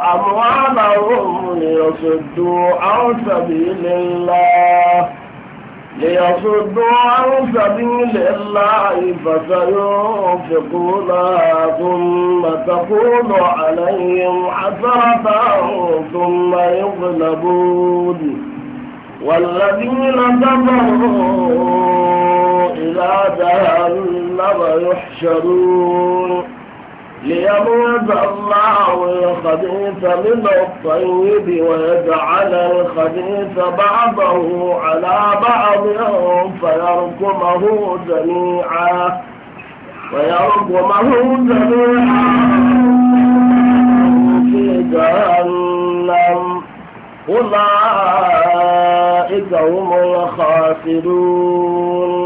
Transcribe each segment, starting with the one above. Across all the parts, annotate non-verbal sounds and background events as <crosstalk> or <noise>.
أموالهم ليصدوا عن سبيل الله ليصدوا عن سبيل الله فسينفقونها ثم تكون عليهم حسرة ثم يغلبون والذين كفروا إلى جهنم يحشرون ليموز الله الخبيث من الطيب ويجعل الخبيث بعضه على بعض فيركمه جميعا ويركمه جميعا في جهنم أولئك هم الخاسرون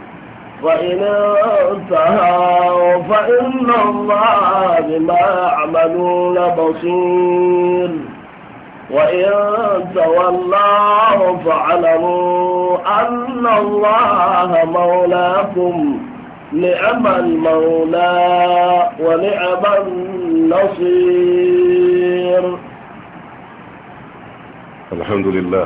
فإن انتهوا فإن الله بما يعملون بصير وإن تولوا فاعلموا أن الله مولاكم نعم المولى ونعم النصير الحمد لله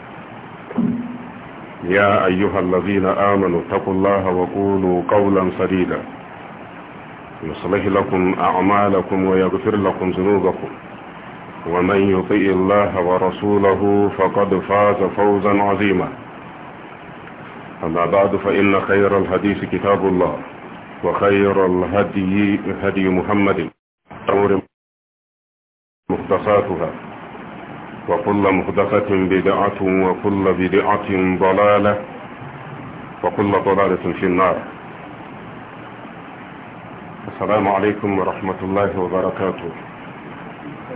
يا أيها الذين آمنوا اتقوا الله وقولوا قولا سديدا يصلح لكم أعمالكم ويغفر لكم ذنوبكم ومن يطئ الله ورسوله فقد فاز فوزا عظيما أما بعد فإن خير الحديث كتاب الله وخير الهدي هدي محمد مختصاتها وكل مهدفة بدعة وكل بدعة ضلالة وكل ضلالة في النار السلام عليكم ورحمة الله وبركاته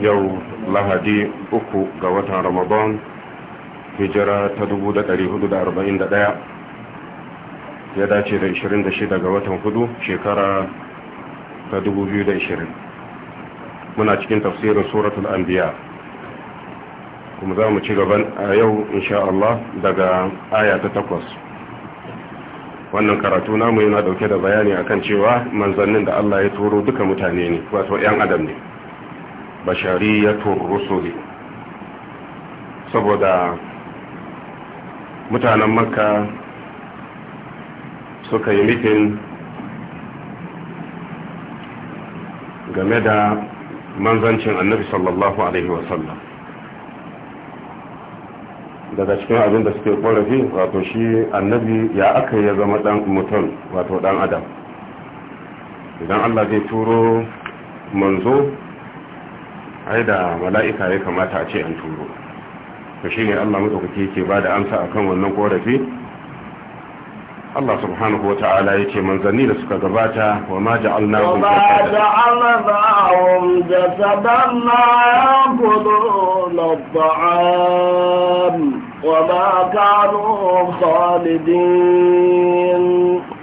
يوم لهدي أكو قوة رمضان hijira ta 1441 ya dace da 26 ga watan hudu shekara ta 2020 muna cikin tafsirin suratul anbiya kuma za mu ci gaban a yau insha Allah daga aya ta takwas wannan karatu namu yana dauke da bayani akan cewa manzannin da Allah ya turo duka mutane ne wato yan adam ne bashariyatur rusuli saboda mutanen makka suka yi mitin game da manzancin annabi sallallahu alaihi wasallam daga cikin abin da suke korafi wato shi annabi ya aka ya zama dan mutum wato dan adam idan allah zai turo manzo ai da mala'ika ya kamata a ce an turo to shi ne allah matsakaki yake ba da amsa akan wannan korafi Allah subhanahu wa ta'ala ya ce manzanni da suka gabata wa ma ja'alna hum jasadan la yaquluna وما كانوا خالدين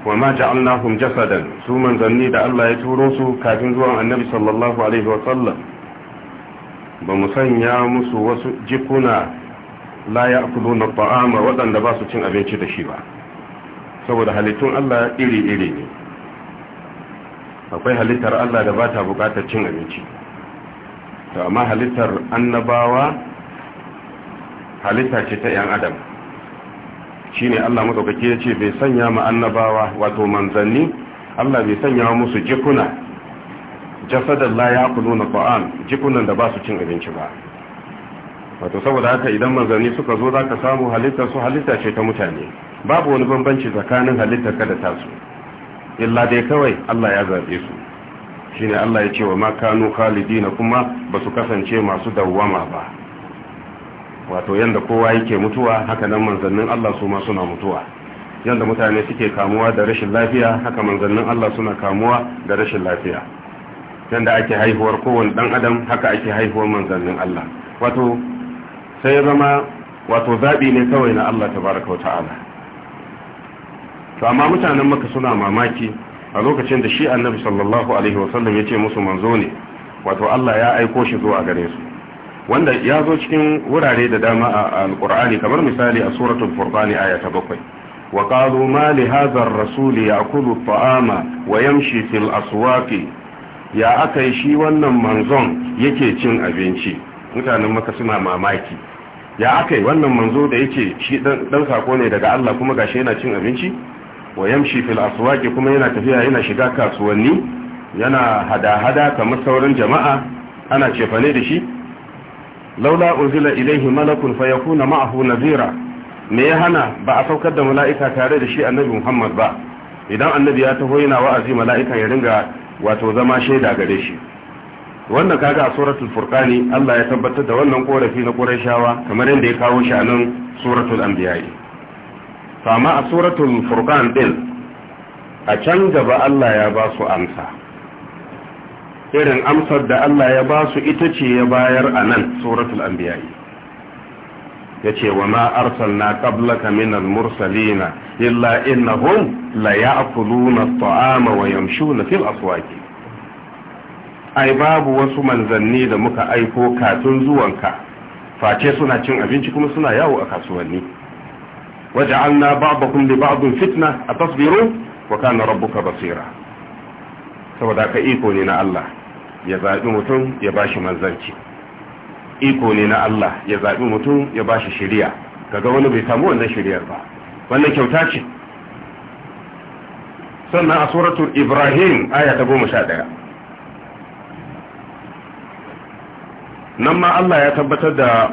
وما جعلناهم جسدا su manzanni da Allah ya turo su kafin zuwan annabi sallallahu alaihi wa sallam ba mu sanya musu wasu jikuna la ya'kuluna ta'ama waɗanda ba su cin abinci da shi ba saboda halittun Allah iri-iri ne akwai halittar Allah da ba ta bukatar cin abinci amma halittar annabawa halitta ce ta ‘yan adam shi ne Allah matsaukaki ya ce bai sanya ma annabawa wato manzanni Allah bai sanya musu jikuna jasadar la ya na ba'an jikunan da ba su cin abinci ba wato saboda haka idan manzanni suka zo za ka samu halittar su halitta ce ta mutane babu wani bambanci tsakanin halittar kada da tasu illa dai kawai Allah ya zaɓe su shi ne Allah ya ce wa ma kanu khalidina kuma ba su kasance masu dawwama ba wato yanda kowa yake mutuwa haka nan manzannin Allah su ma suna mutuwa yanda mutane suke kamuwa da rashin lafiya haka manzannin Allah suna kamuwa da rashin lafiya yanda ake haihuwar kowane dan adam haka ake haihuwar manzannin Allah wato sai zama wato zaɓi ne kawai na Allah tabaraka wa ta'ala to amma mutanen maka suna mamaki a lokacin da shi annabi sallallahu alaihi wasallam ya ce musu manzo ne wato Allah ya aiko shi zuwa gare su wanda ya zo cikin wurare da dama a alkur'ani kamar misali a suratul furqani aya ta bakwai wa qalu ma li hadha ar-rasul ya'kulu at-ta'ama wa yamshi fil aswaq ya akai shi wannan manzon yake cin abinci mutanen maka suna mamaki ya akai wannan manzo da yake shi dan sako ne daga Allah kuma gashi yana cin abinci wa yamshi fil aswaq kuma yana tafiya yana shiga kasuwanni yana hada-hada kamar sauran jama'a ana cefane da shi laula unzila ilaihi malakun fa yakuna ma'ahu nazira me ya hana ba a saukar da mala'ika tare da shi annabi Muhammad ba idan annabi ya taho yana wa'azi mala'ika ya ringa wato zama shaida gare shi wannan kaga a suratul furqani Allah ya tabbatar da wannan korafi na Qurayshawa kamar yadda ya kawo shi a nan suratul anbiya fa amma a suratul furqan din a can gaba Allah ya ba su amsa irin amsar da Allah ya ba su ita ce ya bayar a nan suratul anbiya ya ce wa ma arsalna qablaka minal mursalina illa innahum la ya'kuluna at-ta'ama wa yamshuna fil aswaq ai babu wasu manzanni da muka aiko katun zuwanka face suna cin abinci kuma suna yawo a kasuwanni waja'alna ba'dakum li ba'din fitna atasbiru wa kana rabbuka basira saboda ka iko ne na Allah ya zaɓi mutum ya ba shi manzanci iko ne na Allah ya zaɓi mutum ya ba shi shiriya kaga wani bai samu wannan shiriyar ba wannan kyauta ce sannan a suratul ibrahim aya ta goma sha ɗaya nan ma Allah ya tabbatar da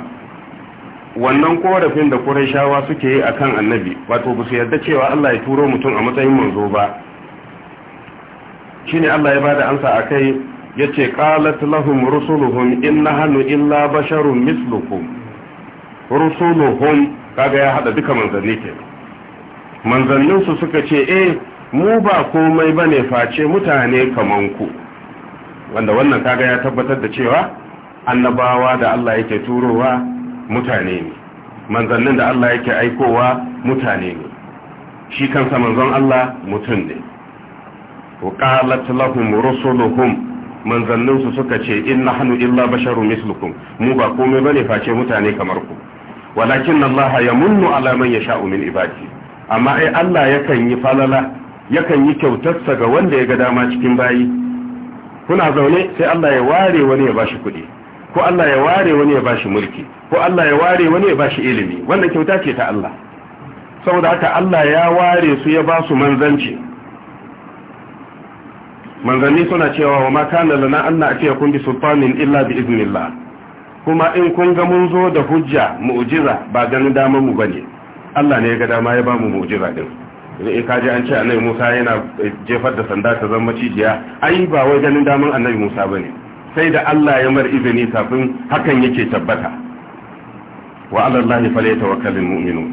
wannan korafin da shawa suke yi akan Annabi wato ba su yarda cewa Allah ya turo mutum a matsayin manzo ba shine Allah ya ba bada a kai? yace qalat lahum rusuluhum in hannu illa basharun mislukum rusuluhum kaga ya hada duka manzanni ke manzannin su suka ce eh mu ba komai bane face mutane kaman ku wanda wannan kaga ya tabbatar da cewa annabawa da Allah yake turowa mutane ne manzannin da Allah yake aikowa mutane ne shi kansa manzon Allah mutum ne وقالت لهم رسلهم manzanninsu suka ce in nahnu illa basharu mislukum mu ba komai bane face mutane kamar ku walakin Allah ya munnu ala man sha min ibadi amma ai Allah yakan yi falala yakan yi kyautarsa ga wanda ya ga dama cikin bayi kuna zaune sai Allah ya ware wani ya bashi kuɗi ko Allah ya ware wani ya bashi mulki ko Allah ya ware wani ya bashi ilimi wannan kyauta ce ta Allah saboda haka Allah ya ware su ya ba su manzanci manzanni suna cewa wa ma kana lana anna kun bi sultanin illa bi iznillah kuma in kun ga mun zo da hujja mu'jiza ba ganin damar mu bane Allah ne ya ga dama ya ba mu mu'jiza din idan ka ji an ce annabi Musa yana eh, jefar da sanda ta zama cijiya ai ba wai ganin damar annabi Musa bane sai da Allah ya mar izini kafin hakan yake tabbata wa ala Allah falyatawakkalul mu'minun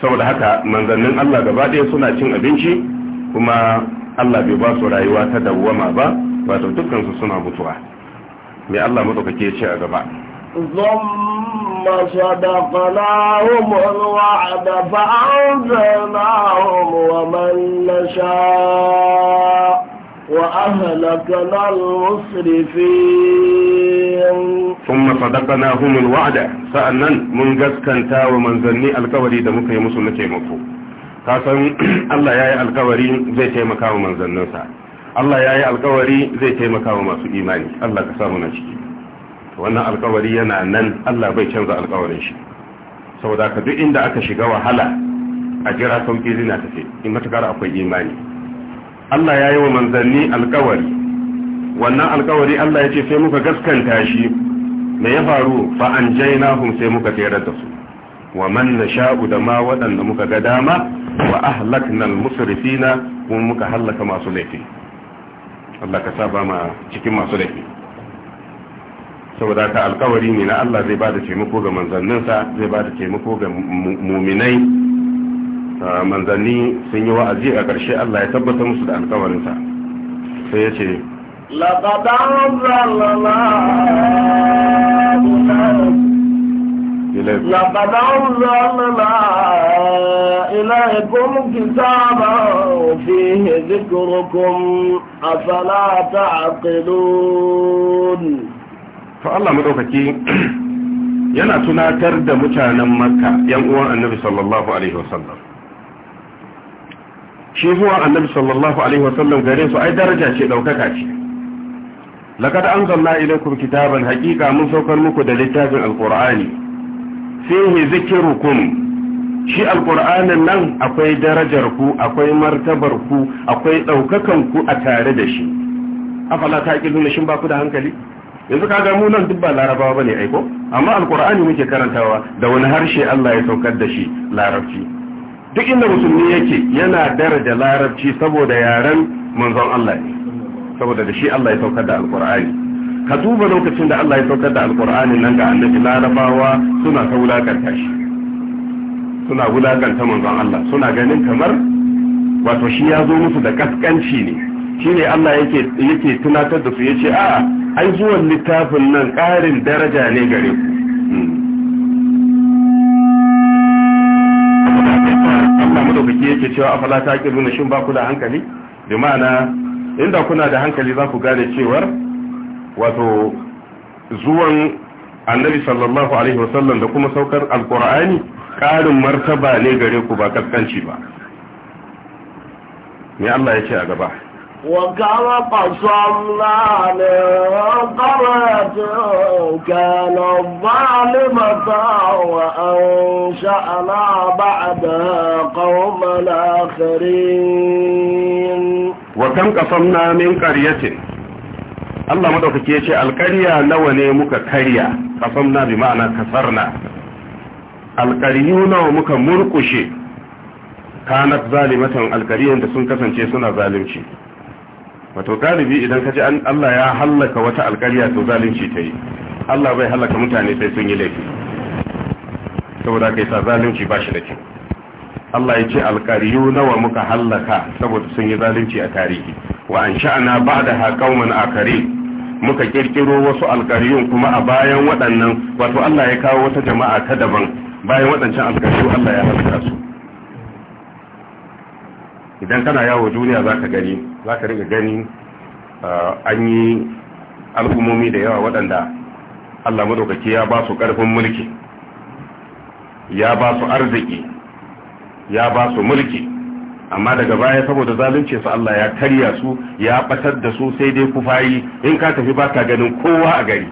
saboda haka manzannin Allah gaba ɗaya suna cin abinci kuma Allah bai ba su rayuwa ta dawwama ba ba ta dukkan suna mutuwa me Allah madaukake ya ce a gaba zamma shadaqa lahum wa'da fa'anzalnahum wa man nasha wa ahlakna al-musrifin thumma sadaqna hum al-wa'da sa'annan mun gaskanta wa manzanni alkawari da muka yi musu na taimako kasan <clears throat> Allah ya yi alkawari zai taimaka wa manzanninsa Allah ya yi alkawari zai taimaka wa masu imani Allah ka samu na ciki wannan alkawari yana nan Allah bai canza alkawarin shi saboda ka duk inda aka shiga wahala a jira sauki zina tafi in matakar akwai imani Allah ya yi wa manzanni alkawari wannan alkawari Allah ya ce sai muka gaskanta shi me ya faru fa an jaina hum sai muka tsayar da su wa man nasha'u da ma waɗanda muka ga dama wa ahlakna al-musrifina kuma muka halaka masu laifi Allah ka saba ma cikin masu laifi saboda ka alkawari ne na Allah zai bada taimako ga manzanninsa zai bada taimako ga muminai ah, manzanni sun yi wa'azi a ƙarshe Allah ya tabbata musu da alkawarinsa sai ya ce لقد أرسلنا لقد أنزلنا إليكم كتابا فيه ذكركم أفلا تعقلون فالله مدوكي yana tunatar da mutanen makka yan uwan annabi sallallahu alaihi wasallam shi zuwa annabi sallallahu alaihi wasallam gare su ai daraja ce daukaka ce laqad anzalna ilaykum kitaban haqiqa mun saukar muku da littafin alqur'ani fihi zikirukum shi alƙur'anin nan akwai darajar ku akwai martabar ku akwai ɗaukakan ku a tare da shi afala ta ƙi nuna shin ba ku da hankali yanzu ka ga mu nan duk ba larabawa bane aiko amma alƙur'ani muke karantawa da wani harshe Allah ya saukar da shi larabci duk inda musulmi yake yana daraja larabci saboda yaren manzon Allah ne saboda da shi Allah ya saukar da alƙur'ani ka duba lokacin da Allah ya saukar da alkur'ani nan ga annabi larabawa suna ta wulakanta shi suna wulakanta manzon Allah suna ganin kamar wato shi ya zo musu da kaskanci ne shine Allah yake yake tunatar da su yace a ai zuwan littafin nan ƙarin daraja ne gare ku hmm. Allah madaukaki yake cewa afala ta kiruna shin ba ku da hankali bi ma'ana inda kuna da hankali za ku gane cewar wato zuwan annabi sallallahu alaihi wasallam da kuma saukar alkur'ani ƙarin martaba ne gare ku ba kaskanci ba me Allah ya ce a gaba وكان قصمنا من قرية كانت ظالمة وأنشأنا بعدها قوما آخرين وكم قصمنا من قرية Allah madaukake ya ce alƙarya nawa ne muka karya kasamna bi ma'ana kasarna alƙaryu nawa muka murkushe kanat zalimatan alƙariyan da sun kasance suna zalunci wato galibi idan ka ji Allah ya halaka wata alƙarya to zalunci ta yi Allah bai halaka mutane sai sun yi laifi saboda kai sa zalunci ba shi da kyau Allah ya ce alƙariyu nawa muka halaka saboda sun yi zalunci a tarihi wa an sha'ana ba da haƙauman akari muka kirkiro wasu alkariyun kuma a bayan waɗannan wato Allah ya kawo wata jama'a ta daban bayan waɗancan alkariyu Allah ya halitta su idan kana yawo duniya za ka gani za ka riga gani ah, an yi al'ummomi da yawa waɗanda Allah madaukaki ya ba su ƙarfin mulki ya ba su arziki ya ba su mulki amma daga baya saboda zalunce su Allah ya karya su ya batar da su sai dai kufayi in ka tafi baka ganin kowa a gari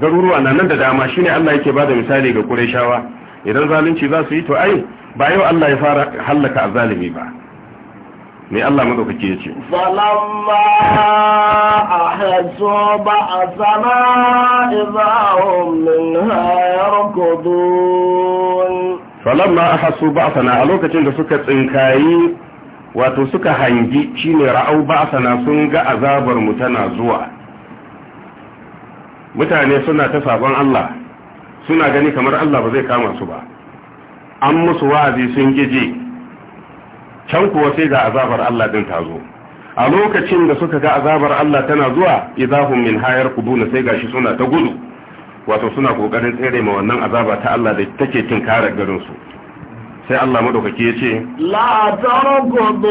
garuruwa na nan da dama shine Allah yake bada misali ga Qurayshawa idan zalunci za su yi to ai ba yau Allah ya fara hallaka azalimi ba mai Allah ke yace falamma ahazzu ba'athana idahum minha yarkudun falamma ahasu ba'sana a lokacin da suka tsinkayi wato suka hangi shine ra'au ba'sana sun ga azabar mu tana zuwa mutane suna ta sabon Allah suna gani kamar Allah ba zai kama su ba an musu wa'azi sun gije can kuwa sai ga azabar Allah din ta zo a lokacin da suka ga azabar Allah tana zuwa idahum min hayar kubuna sai gashi suna ta gudu wato suna kokarin tsere ma wannan azaba ta Allah da take cin kare garin su sai Allah madaukaki ya ce la tarqudu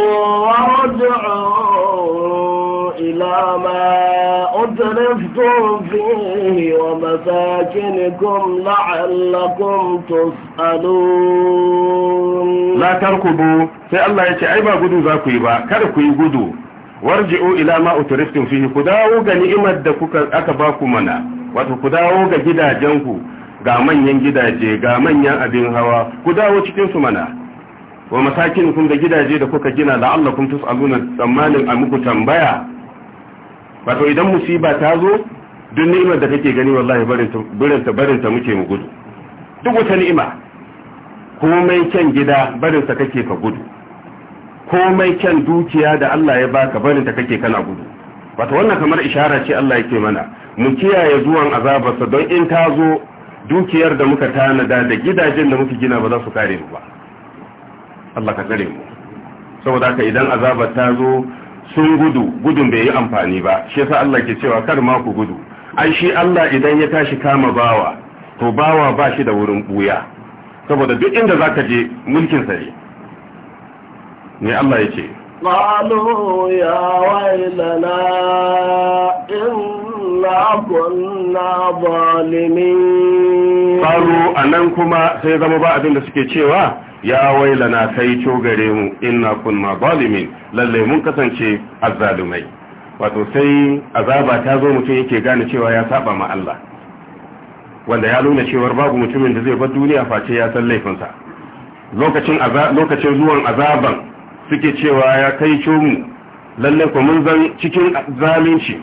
raj'u ila ma udriftum fihi wa masakinikum la'allakum tus'alun la tarqudu sai Allah ya ce ai ba gudu za ku yi ba kada ku yi gudu warji'u ila ma udriftum fihi ku dawo ga ni'imar da kuka aka ba ku mana wato ku dawo ga gidajenku ga manyan gidaje ga manyan abin hawa ku dawo cikin su mana wa kun da gidaje da kuka gina da Allah kun tus'aluna tsammanin a muku tambaya wato idan musiba ta zo duk ni'imar da kake gani wallahi barinta ta muke mu gudu duk wata ni'ima komai kyan gida ta kake ka gudu komai kyan dukiya da Allah ya baka barinta kake kana gudu wato wannan kamar ishara ce Allah yake mana mu kiyaye zuwan azabarsa don in ta zo dukiyar da muka tanada da gidajen da muka gina ba za su kare mu ba Allah ka kare mu saboda haka idan azabar ta zo sun gudu gudun bai yi amfani ba shi yasa Allah ke cewa kar ma ku gudu ai shi Allah idan ya tashi kama bawa to bawa ba shi da wurin buya saboda duk inda zaka je mulkin sa ne ne Allah ya ce قالوا يا ويلنا ma kunna zalimin anan kuma sai zama ba abin da suke cewa ya wailana kai co gare mu inna kunna zalimin lalle mun kasance azzalumai wato sai azaba ta zo mutum yake gane cewa ya saba ma Allah wanda ya nuna cewar babu mutumin da zai bar duniya face ya san laifinsa lokacin lokacin zuwan azaban suke cewa ya kai mu lalle ko mun zan cikin zalunci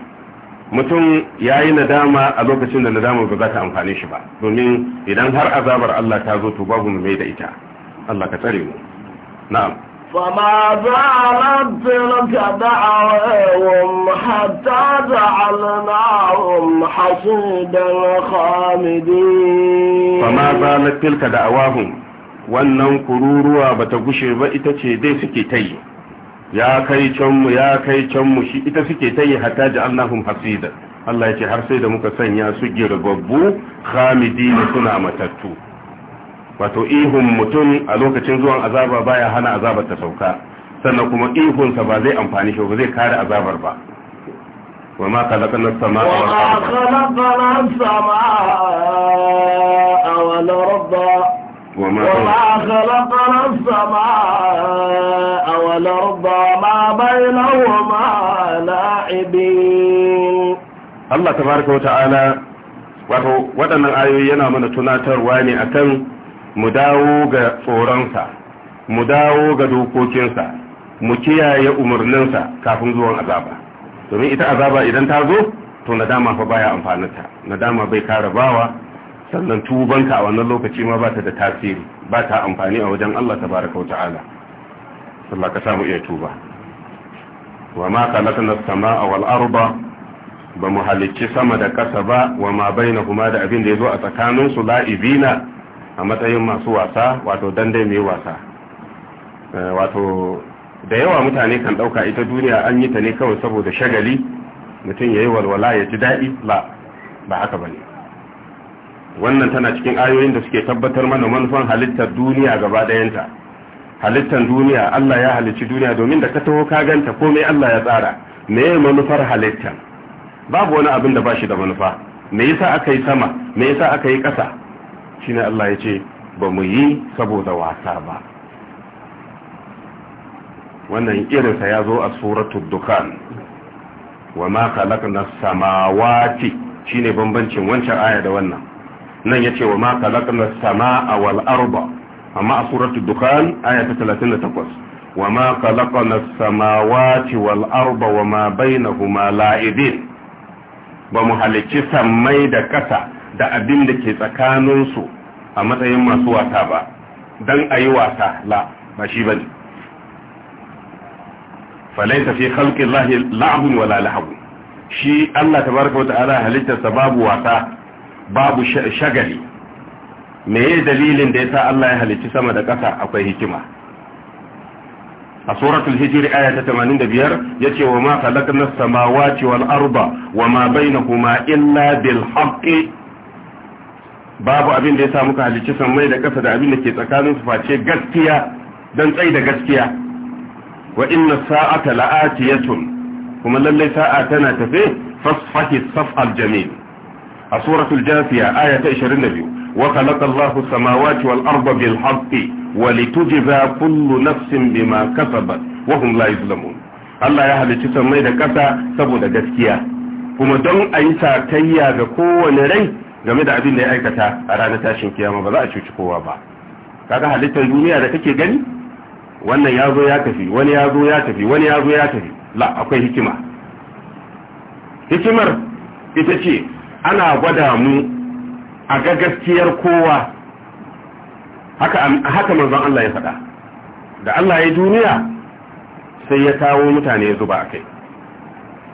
mutum ya yi nadama a lokacin da nadama ba za ta amfani shi ba domin idan har azabar Allah ta zo to babu mai da ita Allah ka tsare mu na'am فما زالت تلك دعواهم حتى جعلناهم حصيدا خامدين فما زالت تلك دعواهم wannan kururuwa bata gushe ba ita ce dai suke ta yi ya kai canmu ya kai canmu shi ita suke ta yi hatta allahun hasida Allah ya ce har sai da muka sanya su girbabbu khamidina suna matattu wato ihun mutum a lokacin zuwan azaba baya hana azabar ta sauka sannan kuma ihunsa ba zai amfani shi ba zai kare azabar ba wa ma khalaqna as-samaa wal rabba. وما خلقنا السماء والأرض وما بينهما لاعبين الله تبارك وتعالى wato waɗannan ayoyi yana mana tunatarwa ne a kan mu dawo ga tsoronsa mu dawo ga dokokinsa mu kiyaye umarninsa kafin zuwan azaba domin ita azaba idan ta zo to nadama fa baya amfaninta nadama bai kara bawa sannan tubanka a wannan lokaci ma ba ta da tasiri ba ta amfani a wajen Allah baraka wa ta'ala Allah ka samu iya tuba wa ma khalaqna as-samaa wal arda ba mu halicci sama da ƙasa ba wa ma bainahuma da abin da ya zo a tsakanin su la'ibina a matsayin masu wasa wato dande mai wasa eh, wato da yawa mutane kan dauka ita duniya an yi ta ne kawai saboda shagali mutum yayi walwala ya ji daɗi la ba haka bane wannan tana cikin ayoyin da suke tabbatar mana manufan halittar duniya gaba ɗayanta halittar duniya Allah ya halicci duniya domin da ka taho ka ganta komai Allah ya tsara me manufar halittar babu wani abin da ba shi da manufa me yasa aka yi sama me yasa aka yi ƙasa shine Allah ya ce ba mu yi saboda wasa ba wannan irinsa ya zo a suratul dukan wa ma khalaqna samawati shine bambancin wancan aya da wannan nan ya ce wa ma sama a wal arba amma a suratu dukhan aya ta 38 wa ma kalakna samawati wal arba wa ma huma la'ibin ba mu halicci sammai da kasa da abin da ke tsakaninsu a matsayin masu wasa ba don a yi wasa la ba shi ba ne. falaita fi khalqi llahi la'bun wala lahab shi Allah tabaraka wa ala halittarsa babu wasa babu shagali ya dalilin da yasa Allah ya halicci sama da ƙasa akwai hikima a suratul hijri aya ta 85 yace wa ma khalaqna samawati wal arda wa ma bainahuma illa bil haqqi babu abin da yasa muka halicci sama da ƙasa da abin da ke tsakanin su face gaskiya dan tsai da gaskiya wa inna sa'ata la'atiyatun kuma lallai sa'a tana tafe fasfahi safal jamil a suratul jafiya aya ta 22 wa khalaqa Allahu samawati wal arda bil haqqi wa litujza kullu nafsin bima kasabat wa hum la yuzlamun Allah ya halicci sammai da ƙasa saboda gaskiya kuma don a yi satayya ga kowane rai game da abin da ya aikata a ranar tashin kiyama ba za a cuci kowa ba kaga halittar duniya da kake gani wannan ya zo ya tafi wani ya zo ya tafi wani ya zo ya tafi la akwai hikima hikimar ita ce ana gwada mu a ga gaskiyar kowa haka haka manzon Allah ya faɗa da Allah ya duniya sai ya kawo mutane ya zuba kai.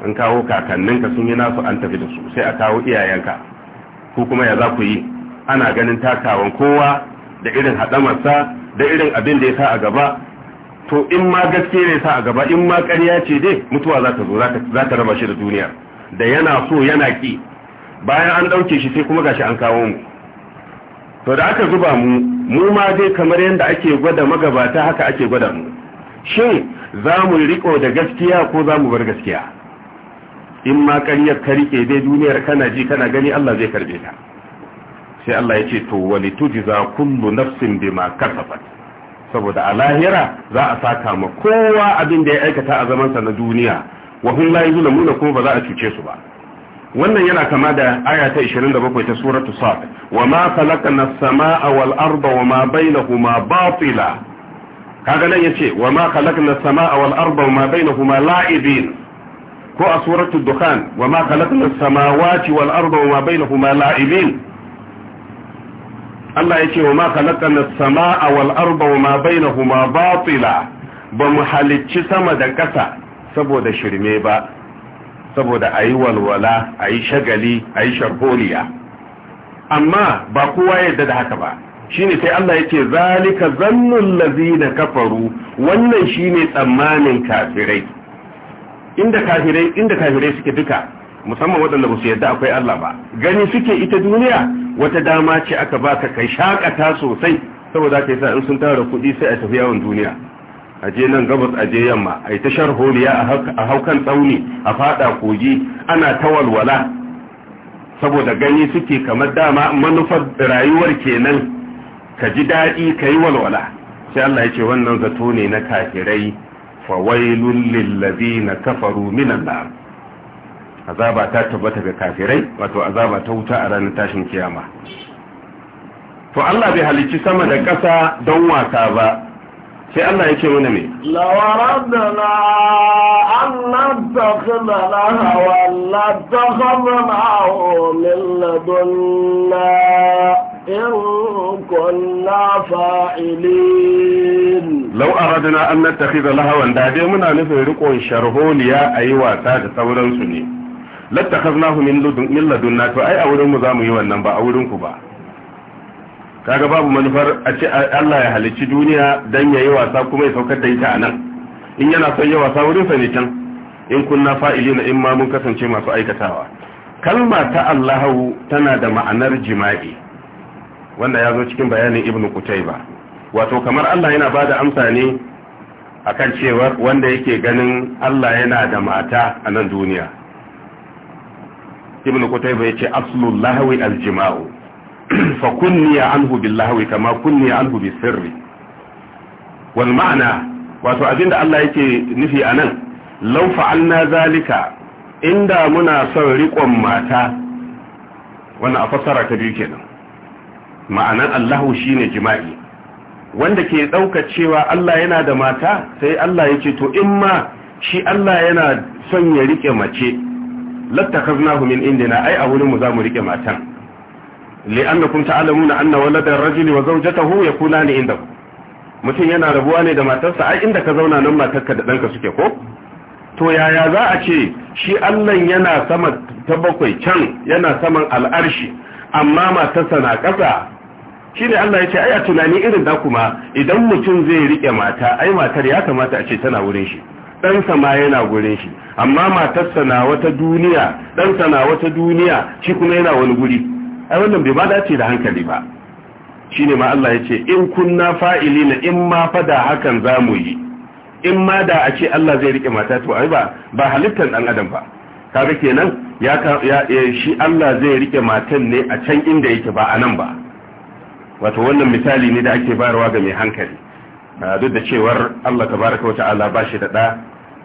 an kawo kakanninka sun yi nasu an tafi da su sai a kawo iyayenka ko kuma ya za ku yi ana ganin takawan kowa da irin haɗamarsa da irin abin da ya sa a gaba to in ma gaske ne sa a gaba in ma ƙarya ce dai mutuwa za ta zo za ta raba shi da duniya da yana so yana ki bayan an ɗauke shi sai kuma gashi an kawo mu to da aka zuba mu mu ma dai kamar yadda ake gwada magabata haka ake gwada mu shin za mu riko da gaskiya ko za mu bar gaskiya in ma ƙaryar ka rike dai duniyar kana ji kana gani Allah zai karbe ta sai Allah ya ce to wani tuji za kullu nafsin ma kasafat saboda a lahira za a saka ma kowa abin da ya aikata a zamansa na duniya wa hum la yuzlamuna kuma ba za a cuce su ba wannan yana kama da aya ta 27 ta suratu sad wa ma khalaqna as-samaa wal arda wa ma bainahuma batila kaga nan yace wa ma khalaqna as-samaa wal arda wa ma bainahuma la'ibin ko a suratu dukhan wa ma khalaqna as-samawati wal arda wa ma bainahuma la'ibin Allah yace wa ma khalaqna as-samaa wal arda wa ma bainahuma batila ba mu halicci sama da ƙasa saboda shirme ba saboda a yi walwala a yi shagali a yi sharholiya amma ba kowa yadda da haka ba shine sai Allah ya ce zalika zannun lazina kafaru wannan shine tsammanin kafirai inda kafirai inda kafirai suke duka musamman waɗanda ba su yadda akwai Allah ba gani suke ita duniya wata dama ce aka baka kai shakata sosai saboda kai sa in sun tara kuɗi sai a tafi yawon duniya aje nan gabas aje yamma ai ta sharholiya a haukan tsauni a fada kogi ana tawalwala saboda gani suke kamar dama manufar rayuwar kenan ka ji daɗi ka yi walwala sai Allah ya ce wannan zato ne na kafirai fawailun lillazina kafaru minan nar azaba ta tabbata ga kafirai wato azaba ta wuta a ranar tashin kiyama to Allah bai halicci sama da ƙasa don wasa ba sai Allah ya ce mana me lawaradana annan takhla laha walla takhla min ladunna in kunna fa'ilin law aradna an da lahawan da dai muna nufin rikon sharholiya ayi wasa da sauransu ne nahu min na to ai a za mu yi wannan ba a wurin ku ba kaga babu manufar a ce Allah ya halicci duniya dan yayi wasa kuma ya saukar da ita anan in yana son yawa wasa wurin sa ne can in kunna fa'ilina in ma mun kasance masu aikatawa kalma ta Allahu tana da ma'anar jima'i wanda ya zo cikin bayanin Ibn Qutayba wato kamar Allah yana bada amsa ne akan cewar wanda yake ganin Allah yana da mata a nan duniya Ibn Qutayba yace aslul lahwi aljima'u <clears throat> fa kunniya anhu billahi kama kunniya anhu bisirri wal ma'ana wato abinda Allah yake nufi anan law fa'alna zalika inda muna son riƙon mata wannan a fassara ta biyu kenan ma'anan Allahu shine jima'i wanda ke ɗauka cewa Allah yana da mata sai Allah ya ce to in ma shi Allah yana son ya riƙe mace lattakhaznahu min indina ai a wurin mu za mu riƙe matan لأنكم تعلمون أن ولد الرجل وزوجته wa عندكم mutum yana rabuwa ne da matarsa ai inda ka zauna nan matarka da ɗanka suke ko to yaya za a ce shi Allah yana sama ta bakwai can yana saman al'arshi amma matarsa na ƙasa shi ne Allah ya ce ai a tunani irin da kuma idan mutum zai riƙe mata ai matar ya kamata a ce tana wurin shi ɗansa ma yana wurin shi amma matarsa na wata duniya ɗansa na wata duniya shi kuma yana wani guri ai wannan bai ba dace da hankali ba ne ma Allah ya ce in kunna fa'ilina in ma fa da hakan zamu yi in ma da a ce Allah zai rike mata to ai ba ba halittar ɗan adam ba kaga kenan ya shi Allah zai rike matan ne a can inda yake ba a nan ba Wata wannan misali ne da ake bayarwa ga mai hankali duk da cewar Allah tabaraka wa Allah ba shi da ɗa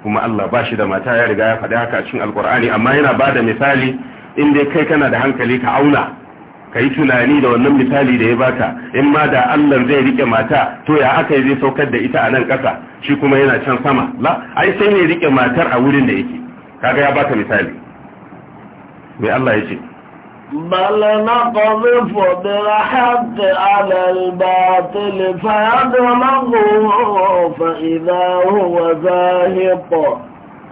kuma Allah ba shi da mata ya riga ya faɗi haka a cikin alkur'ani amma yana ba da misali inda kai kana da hankali ka auna ka yi tunani da wannan misali da ya baka in ma da Allah zai rike mata to ya aka zai saukar da ita a nan ƙasa shi kuma yana can sama la ai sai ne rike matar a wurin da yake kaga ya baka misali mai Allah ya ce بل نقذف بالحق على الباطل فيدمغه فإذا هو زاهق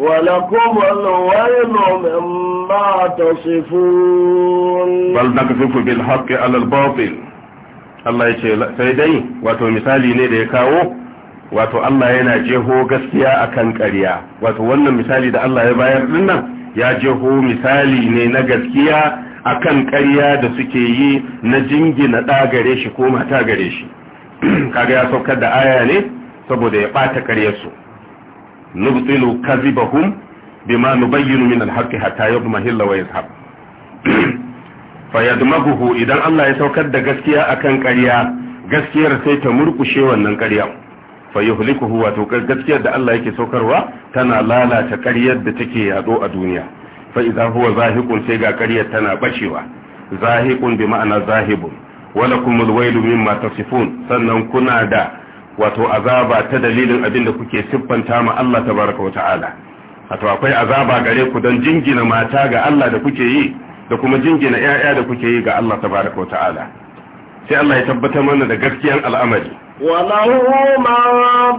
ولكم الويل مما تصفون بل نقذف بالحق على الباطل Allah ya ce sai dai wato misali ne da ya kawo wato Allah yana jeho gaskiya akan ƙarya wato wannan misali da Allah ya bayar din ya jeho misali ne na gaskiya akan ƙarya da suke yi na jingina ɗa gare shi ko mata gare kaga ya saukar da aya ne saboda ya ɓata ƙaryarsu nubtilu kadhibahum bima nubayyinu min al-haqqi hatta yadmahilla wa yadhhab <clears throat> fayadmaguhu idan Allah ya saukar da gaskiya akan ƙarya gaskiyar sai ta murkushe wannan ƙarya fayuhlikuhu wato gaskiyar da Allah yake saukarwa tana lalata ƙaryar da take yado a duniya fa idan huwa zahiqun sai ga ƙaryar tana bacewa zahiqun bi ma'ana zahibun wala kumul wailu mimma tasifun sannan kuna da wato azaba ta dalilin abin da kuke siffanta ma Allah tabaraka wata'ala wato akwai azaba gare ku don jingina mata ga Allah da kuke yi da kuma jingina ƴaƴa da kuke yi ga Allah tabaraka wata'ala sai Allah ya tabbatar mana da gaskiyar al'amari وله ما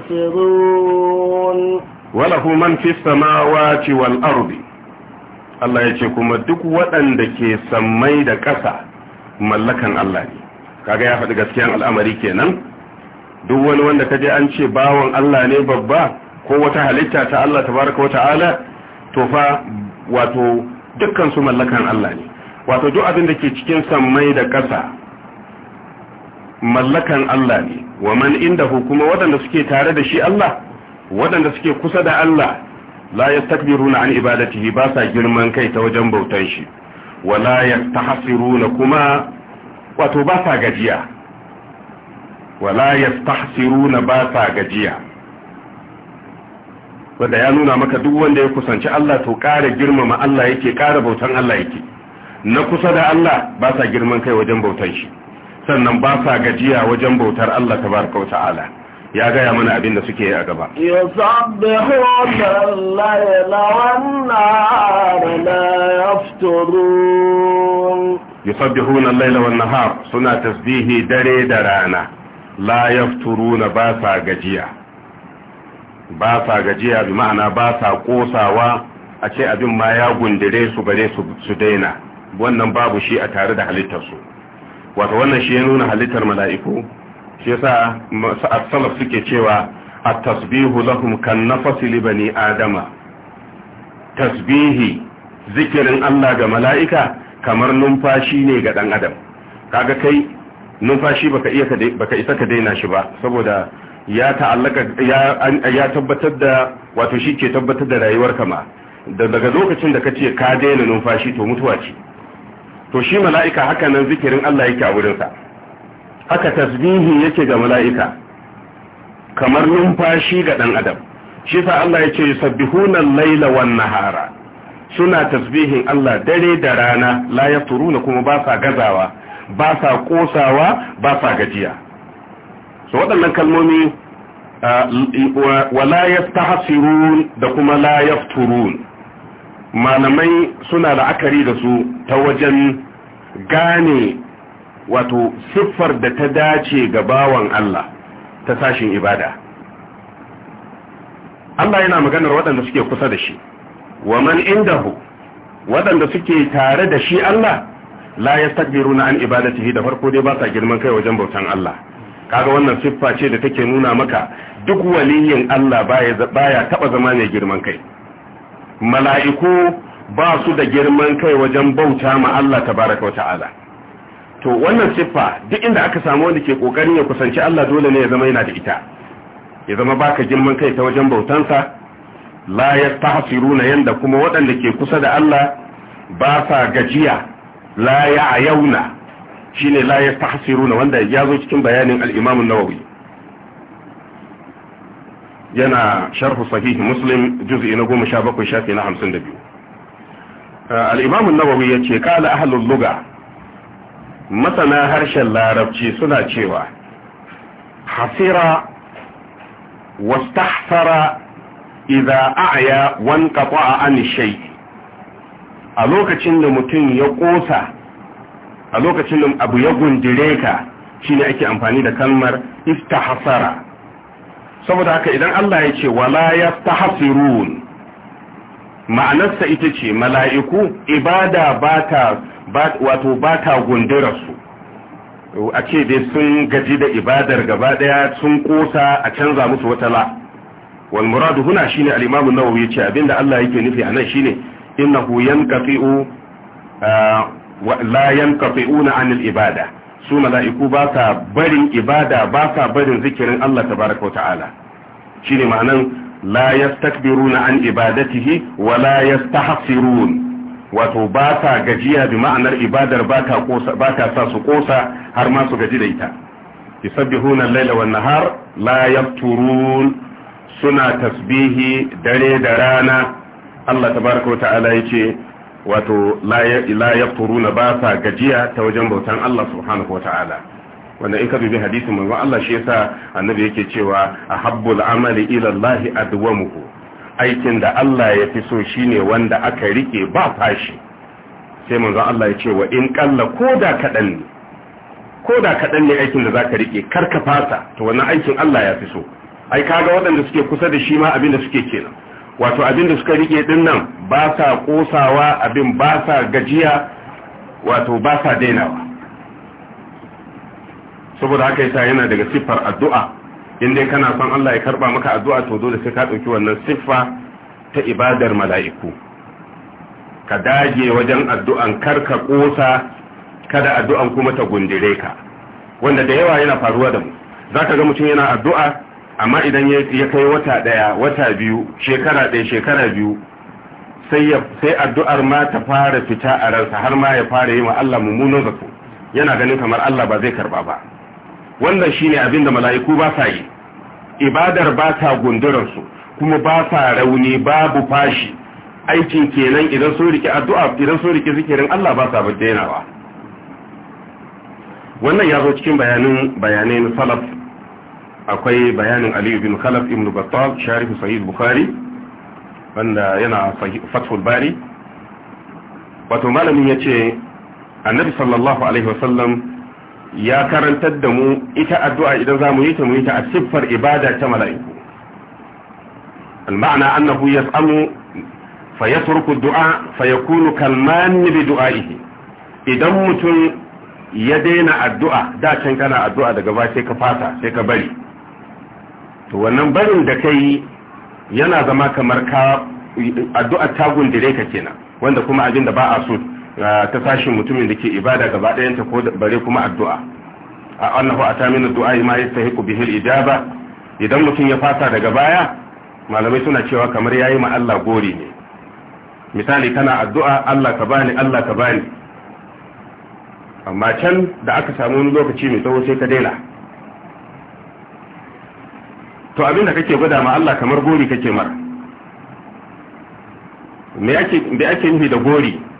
في walahu man fi samawati wal ardi Allah ya ce kuma duk waɗanda ke sammai da ƙasa mallakan Allah ne kaga ya faɗi gaskiyan al'amari kenan duk wani wanda kaje an ce bawon Allah ne babba ko wata halitta ta Allah tabaraka wa ta'ala to fa wato dukkan su mallakan Allah ne wato duk abin da ke cikin sammai da ƙasa mallakan Allah ne wa man inda kuma waɗanda suke tare da shi Allah waɗanda suke kusa da Allah la yastakbiruna an ibadatihi ba sa girman kai ta wajen bautan shi wala yastahsiruna kuma wato ba sa gajiya wala yastahsiruna ba sa gajiya wanda ya nuna maka duk wanda ya kusanci Allah to ƙara girmama Allah yake ƙara bautan Allah yake na kusa da Allah ba sa girman kai wajen bautan shi sannan ba sa gajiya wajen bautar Allah tabaraka wa ta'ala ya gaya mana abin da suke yi a gaba yusabbihuna al-laila wan-nahar suna tasbihi dare da rana la yafturuna ba sa gajiya ba sa gajiya bi ma'ana ba sa kosawa a ce abin ma ya gundire su bare su daina wannan babu shi a tare da halittarsu wato wannan shi ya nuna halittar mala'iku shi yasa salaf suke cewa at-tasbihu lahum kan nafasi li bani adama tasbihi zikirin Allah ga mala'ika kamar numfashi ne ga dan adam kaga kai numfashi baka iya baka isa ka daina shi ba saboda ya ta'allaka ya tabbatar da wato shi ke tabbatar da rayuwar ka ma daga lokacin da ka ce ka daina numfashi to mutuwa ce to shi mala'ika haka nan zikirin Allah yake a wurinsa haka tasbihi yake ga mala'ika kamar numfashi ga ɗan adam shi sa Allah ya ce sabbihunan laila wan nahara suna tasbihin Allah dare da rana la ya turuna kuma ba sa gazawa ba sa kosawa ba sa gajiya so waɗannan kalmomi wa yastahsirun da kuma la yafturun malamai suna la'akari da su ta wajen gane wato siffar da ta dace ga bawan Allah ta sashin ibada Allah yana maganar waɗanda suke kusa da shi wa man indahu waɗanda suke tare da shi Allah la na an ibadatihi da farko dai ba sa girman kai wajen bautan Allah kaga wannan siffa ce da take nuna maka duk waliyin Allah baya baya taba zama ne girman kai mala'iku ba su da girman kai wajen bauta ma Allah tabaraka wa ta'ala to wannan siffa duk inda aka samu wanda ke kokarin ya kusanci Allah dole ne ya zama yana da ita ya zama baka girman kai ta wajen bautansa la yastahsiruna yanda kuma waɗanda ke kusa da Allah ba sa gajiya la ya'yauna shine la yastahsiruna wanda ya zo cikin bayanin al-Imam an-Nawawi yana sharh sahih Muslim juz'i na 17 shafi na 52 uh, al-Imam an-Nawawi yace qala ahlul lugha masana harshen larabci suna cewa hasira wastahsara idza a'ya wanqata'a an shay a lokacin da mutum ya kosa a lokacin da abu ya gundire ka shine ake amfani da kalmar istahsara saboda haka idan Allah ya ce wala yastahsirun ma'anarsa ita ce mala'iku ibada ba ta wato ba gundurarsu a ce dai sun gaji da ibadar gaba daya sun kosa a canza musu wata la wal muradu huna shine al-imam an-nawawi yace abinda Allah yake nufi a nan shine innahu yanqati'u wa la yanqati'una al ibada su mala'iku ba sa barin ibada ba sa barin zikirin Allah tabaaraka wa ta'ala shine ma'anan la takbiruna an ibadatihi wa la wato ba ta gajiya bi ma'anar ibadar ba ta sa su kosa har ma su gaji da ita yusabbihuna al-laila wan nahar la yafturun suna tasbihi dare da rana Allah tabaraka wa ta'ala yace wato la yafturuna ba sa gajiya ta wajen bautan Allah subhanahu wa ta'ala wanda in ka dubi hadisin manzon Allah shi yasa annabi yake cewa ahabbul amali ila Allah adwamuhu aikin da Allah ya fi so shine wanda aka rike ba fashi sai manzon Allah ya ce wa in kalla koda kadan ne koda kadan ne aikin da zaka rike kar ka fasa to wannan aikin Allah ya fi so ai kaga waɗanda suke kusa da shi ma abin da suke kenan wato abin da suka rike din nan ba sa kosawa abin ba sa gajiya wato ba sa dainawa saboda haka yasa yana daga siffar addu'a in dai kana son Allah ya karba maka addu'a to dole sai ka dauki wannan siffa ta ibadar mala'iku ka dage wajen addu'an karka kosa kada addu'an kuma ta gundire ka wanda da yawa yana faruwa da mu zaka ga mutum yana addu'a amma idan ya kai wata daya wata biyu shekara daya shekara biyu sai addu'ar ma ta fara fita a ransa har ma ya fara yi wa Allah mummunan zato yana ganin kamar Allah ba zai karba ba wannan shine abin da mala'iku ba sa yi ibadar ba ta gundurarsu kuma ba sa rauni babu fashi aikin kenan idan so rike addu'a idan so rike zikirin Allah ba sa ba. wannan ya zo cikin bayanin bayanin salaf akwai bayanin Ali ibn Khalaf ibn Battal sharif sahih Bukhari wanda yana Fathul Bari wato malamin yace annabi sallallahu alaihi wasallam ya karantar da mu ita addu'a idan za mu yi ta mu yi ta a siffar ibada ta mala'iku al-ma'ana annahu yas'amu fa yatruku du'a fa yakunu kalmani bi du'aihi idan mutum ya daina addu'a da can kana addu'a daga ba sai ka fasa sai ka bari to wannan barin da kai yana zama kamar ka addu'a ta gundire ka kenan wanda kuma abin da ba a so ta sashin mutumin da ke ibada gaba ɗayanta ko bare kuma addu'a a annahu atamina du'a ma yastahiqu bihi al-ijaba idan mutum ya fasa daga baya malamai suna cewa kamar yayi ma Allah gori ne misali kana addu'a Allah ka bani Allah ka bani amma can da aka samu wani lokaci mai tsawo sai ka daina to abinda kake gwada ma Allah kamar gori kake mara me ake nufi da gori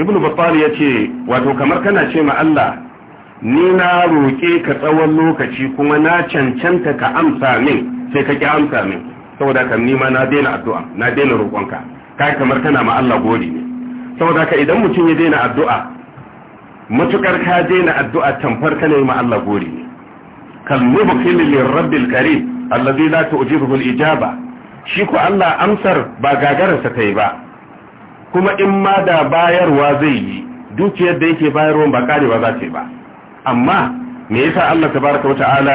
ibnu battal ya ce wato kamar kana ce ma Allah ni na roƙe ka tsawon lokaci kuma na cancanta ka amsa min sai ka ki amsa min saboda ka nima na daina addu'a na daina roƙonka kai kamar kana ma Allah gori ne saboda ka idan mutum ya daina addu'a matukar ka daina addu'a tamfar kana ma Allah gori ne kalmubkil rabbil karim alladhi la tu'jibuhu al-ijaba shi ko Allah amsar ba gagararsa kai ba kuma in ma da bayarwa zai yi dukiyar da yake bayarwa ba karewa za ta yi ba amma me yasa Allah tabaraka wa ta'ala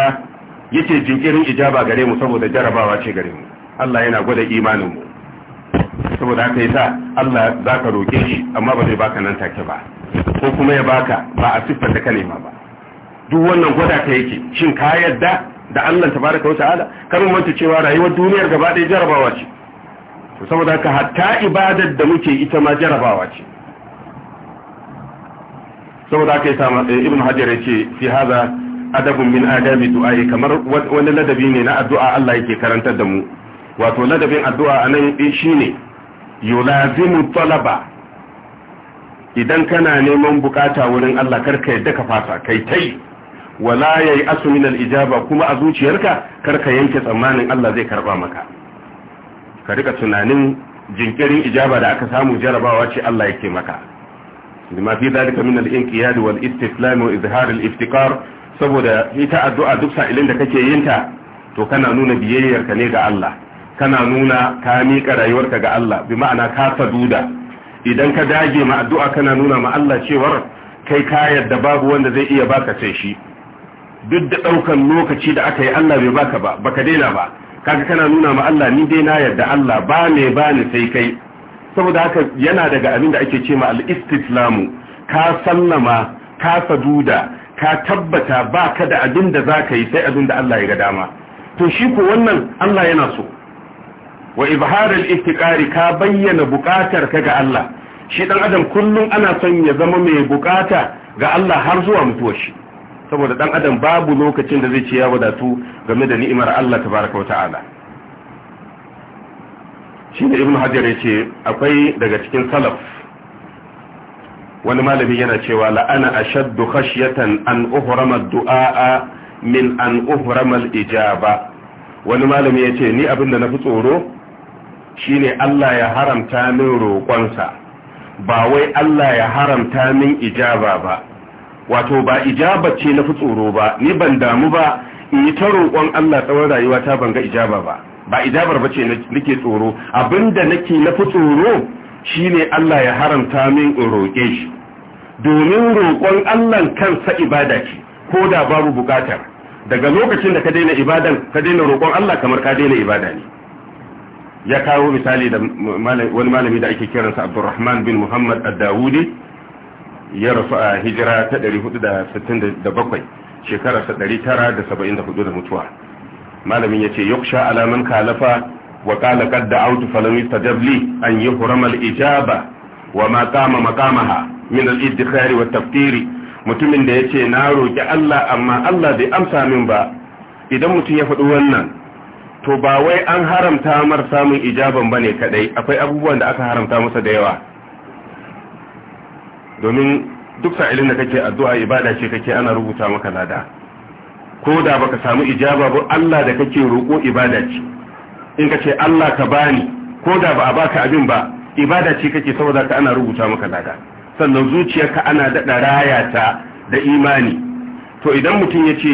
yake jinkirin ijaba gare mu saboda jarabawa ce gare mu Allah yana gwada imanin mu saboda haka yasa Allah zaka roke shi amma ba zai baka nan take ba ko kuma ya baka ba a siffar da nema ba duk wannan gwada ka yake shin ka yarda da Allah tabaraka wa kar mu manta cewa rayuwar duniyar gaba ɗaya jarabawa ce saboda ka hatta ibadar da muke ita ma jarabawa ce saboda haka yasa eh, ibn hajar yace fi haza adabun min adabi du'a kamar wani ladabi ne na addu'a Allah yake karantar da mu wato ladabin addu'a anan shi eh, shine yulazimu talaba idan kana neman bukata wurin Allah karka yadda ka fasa kai tai wala yayi asu min al-ijaba kuma a zuciyarka karka yanke tsammanin Allah zai karba maka ka rika tunanin jinkirin ijaba da aka samu jarabawa ce Allah yake maka lima fi dalika min al-inqiyad wal istiflam wa izhar al saboda ita addu'a duk sa'ilin da kake yin ta to kana nuna biyayyarka ne ga Allah kana nuna ka miƙa rayuwarka ga Allah bi ma'ana ka saduda idan ka dage ma addu'a kana nuna ma Allah cewar kai ka yadda babu wanda zai iya baka sai shi duk da daukan lokaci da aka yi Allah bai baka ba baka daina ba kaga kana nuna ma Allah ni dai na yarda Allah ba me ba sai kai saboda haka yana daga abin da ake ce ma al-istislamu ka sallama ka saduda ka tabbata ba ka da abin da zaka yi sai abin da Allah ya ga dama to shi ko wannan Allah yana so wa ibhar al ka bayyana buƙatar ka ga Allah shi dan adam kullum ana son ya zama mai buƙata ga Allah har zuwa mutuwar shi saboda dan adam babu lokacin da zai ce ya wadatu game da ni'imar Allah tabaraka wata'ala shi da ibn hajar ya ce akwai daga cikin salaf wani malami yana cewa la'ana ashaddu khashyatan an uhrama du'a'a min an uhrama al-ijaba wani malami ya ce ni abin da nafi tsoro shine Allah ya haramta min roƙonsa ba wai Allah ya haramta min ijaba ba wato ba ijaba ce na fi tsoro ba ni ban damu ba in yi ta roƙon Allah tsawon rayuwa ta ban ga ijaba ba ba ijabar ba ce nake tsoro abinda nake na fi tsoro ne Allah ya haramta min in roƙe shi domin roƙon Allah kansa ibada ce ko da babu buƙatar daga lokacin da ka daina ibadan ka daina roƙon Allah kamar ka daina ibada ne ya kawo misali da wani malami da ake kiransa Abdulrahman bin Muhammad ad-Dawudi ya rasu a hijira ta 467 shekararsa 974 da mutuwa malamin ya ce sha alaman kalafa wa kala kadda autu falam ta an yi huramar ijaba wa ma qama min al wa tafkiri mutumin da ya ce na roƙi Allah amma Allah bai amsa min ba idan mutum ya faɗi wannan to ba wai an haramta mar samun ijaban ne kaɗai akwai abubuwan da aka haramta masa da yawa domin duk sa'ilin da kake addu'a ibada ce kake ana rubuta maka lada ko da baka samu ijaba ba Allah da kake roƙo ibada ce in ka ce Allah ka bani ko da ba a baka abin ba ibada ce kake saboda ka ana rubuta maka lada sannan zuciyarka ana daɗa raya ta da imani to idan mutum ya ce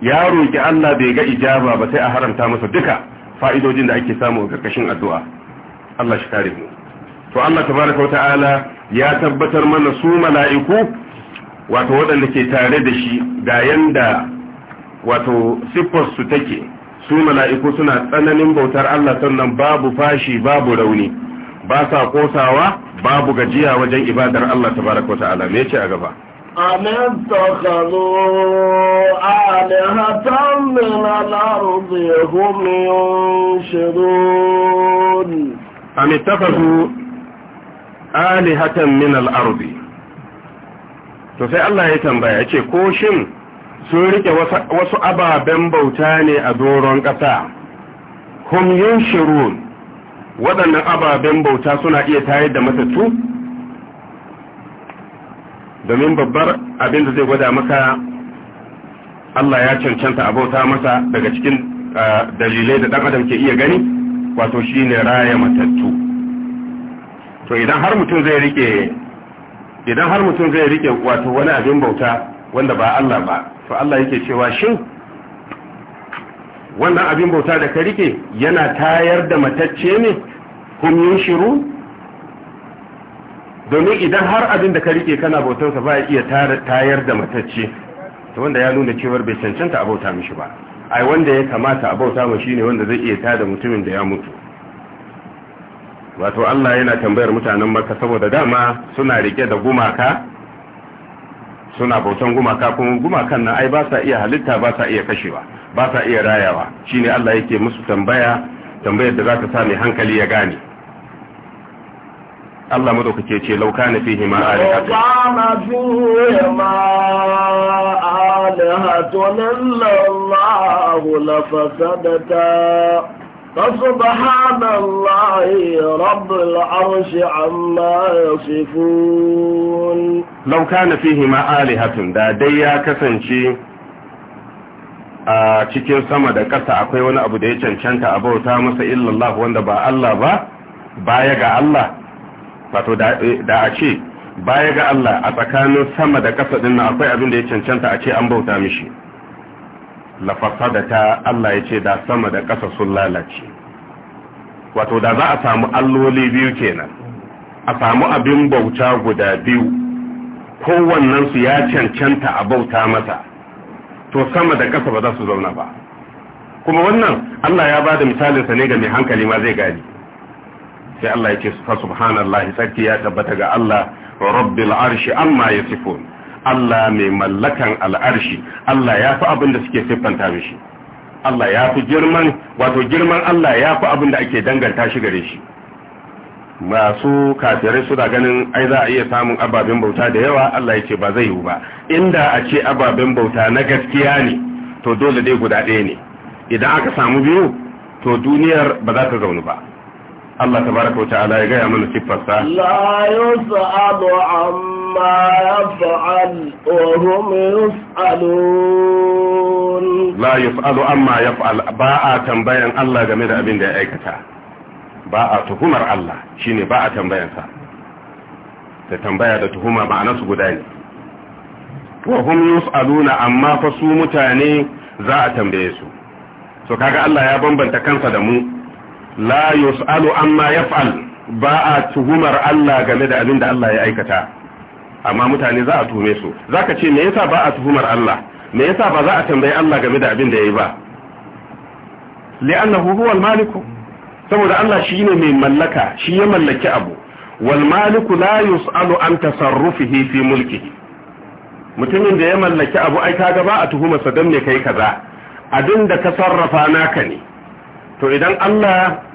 ya roƙi Allah bai ga ijaba ba sai a haramta masa duka fa'idojin da ake samu a ƙarƙashin addu'a Allah shi kare mu to Allah tabaraka wa ta'ala ya tabbatar mana su mala'iku wato waɗanda ke tare da shi ga yanda wato siffarsu take su mala'iku suna tsananin bautar Allah sannan babu fashi babu rauni ba sa kosawa babu gajiya wajen ibadar Allah ta tabaraka ta'ala me ce a gaba amin takhalu alihatan min amin alihatan min al-ardi to sai Allah ya tambaya ce ko shin sun rike wasu ababen bauta ne a doron ƙasa hum yunshirun waɗannan ababen bauta suna iya tayar da matattu domin babbar abin da zai gwada maka Allah ya cancanta a bauta masa daga cikin ah, dalilai da ɗan adam ke iya gani wato shine raya matattu to idan har mutum zai rike idan har mutum zai rike wato wani abin bauta wanda ba Allah ba to Allah yake cewa shin wannan abin bauta da ka rike yana tayar da matacce ne Kun yi shiru? domin idan har abin da ka rike kana bautarsa ba iya tayar da matacce to wanda ya nuna cewar bai cancanta a bauta mishi ba ai wanda ya kamata a bauta mashi ne wanda zai iya da mutumin da ya mutu wato Allah yana tambayar mutanen maka saboda dama suna rike da gumaka suna bautan gumaka kuma gumakan nan ai ba sa iya halitta ba sa iya kashewa ba sa iya rayawa shine Allah yake musu tambaya tambayar da ta sa mai hankali ya gane Allah dauke ce lauka na fihi ma alihatu ma فسبحان الله رب العرش عما يصفون لو كان فيهما آلهة دا ديا كسن a cikin sama da ƙasa akwai wani abu da ya cancanta a bauta masa illallah wanda ba Allah ba baya ga Allah wato da a ce baya ga Allah a tsakanin sama da ƙasa dinna akwai abin da ya cancanta a ce an bauta mishi ta Allah ya ce da sama da ƙasa sun lalace wato da za a samu alloli biyu kenan a samu abin bauta guda biyu kowannensu ya cancanta a bauta masa to sama da ƙasa ba za su zauna ba kuma wannan Allah ya ba da misalinsa ne ga mai hankali ma zai gani sai Allah ya ce fa subhanallahi sarki ya tabbata ga Allah rabbil arshi amma yasifun Allah mai mallakan al'arshi Allah ya fi abin da suke siffanta mishi Allah ya fi girman wato girman Allah ya fi abin da ake danganta shi gare shi masu kafirai suna ganin ai za a iya samun ababen bauta da yawa Allah ya ce ba zai yiwu ba inda a ce ababen bauta na gaskiya ne to dole dai guda ɗaya ne idan aka samu biyu to duniyar ba za ta zaunu ba Allah baraka wa ta'ala ya gaya mana siffarsa la yus'alu amma ما يفعل وهم يسألون لا يسأل أما يفعل da تنبيا الله جميل أبين دي أيكتا tuhumar Allah الله شيني باء sa ta tambaya da tuhuma ma'ana su guda ne wa hum yus'aluna amma fa su mutane za a tambaye su so kaga Allah ya bambanta kansa da mu la yus'alu amma yaf'al ba a tuhumar Allah game da abin da Allah ya aikata amma mutane za a tuhume su ka ce me yasa ba a tuhumar Allah me yasa ba za a tambayi Allah game da abin da ya yi ba li'annahu huwa al-malik saboda Allah shine mai mallaka shi ya mallaki abu wal maliku la yus'alu an tasarrufihi fi mulkihi mutumin da ya mallaki abu ai kaga ba a tuhumar sa dan me kai kaza abin da ka sarrafa naka ne to idan Allah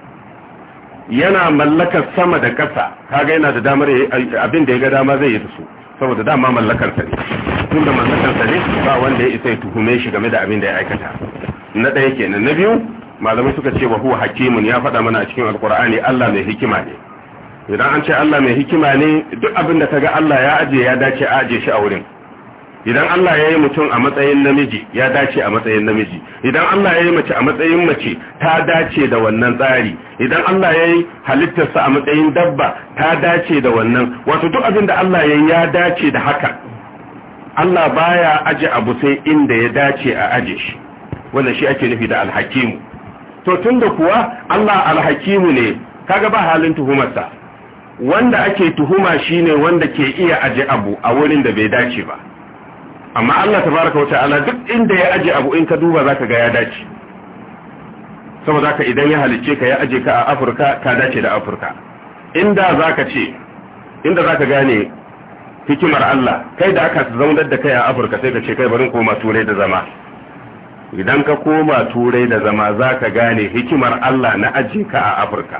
yana mallakar sama da ƙasa kaga yana da damar abin da ya ga dama zai yi da su saboda dama mallakar sa ne tunda mallakar sa ne ba wanda ya isa ya tuhume shi game da abin da ya aikata na ɗaya kenan na biyu malamai suka ce wa huwa hakimun ya faɗa mana a cikin alkur'ani Allah mai hikima ne idan an ce Allah mai hikima ne duk abin da ka ga Allah ya ajiye ya dace a ajiye shi a wurin idan Allah ya yi mutum a matsayin namiji ya dace a matsayin namiji idan Allah ya yi mace a matsayin mace ta dace da wannan tsari idan Allah ya yi halittarsa a matsayin dabba ta dace da wannan wato duk abin da Allah ya ya dace da haka Allah baya aje abu sai inda ya dace a aje shi wanda shi ake nufi da alhakimu to tunda kuwa Allah alhakimu ne kaga ba halin tuhumarsa wanda ake tuhuma shine wanda ke iya aje abu a wurin da bai dace ba amma Allah ta baraka wata ala duk inda ya aje abu in ka duba ka ga ya dace saboda ka idan ya halicce ka ya aje ka a Afirka ka dace da Afirka inda za ka ce inda za ka gane hikimar Allah kai da aka zaunar da kai a Afirka sai ka ce kai barin koma turai da zama idan ka koma turai da zama za ka gane hikimar Allah na aje ka a Afirka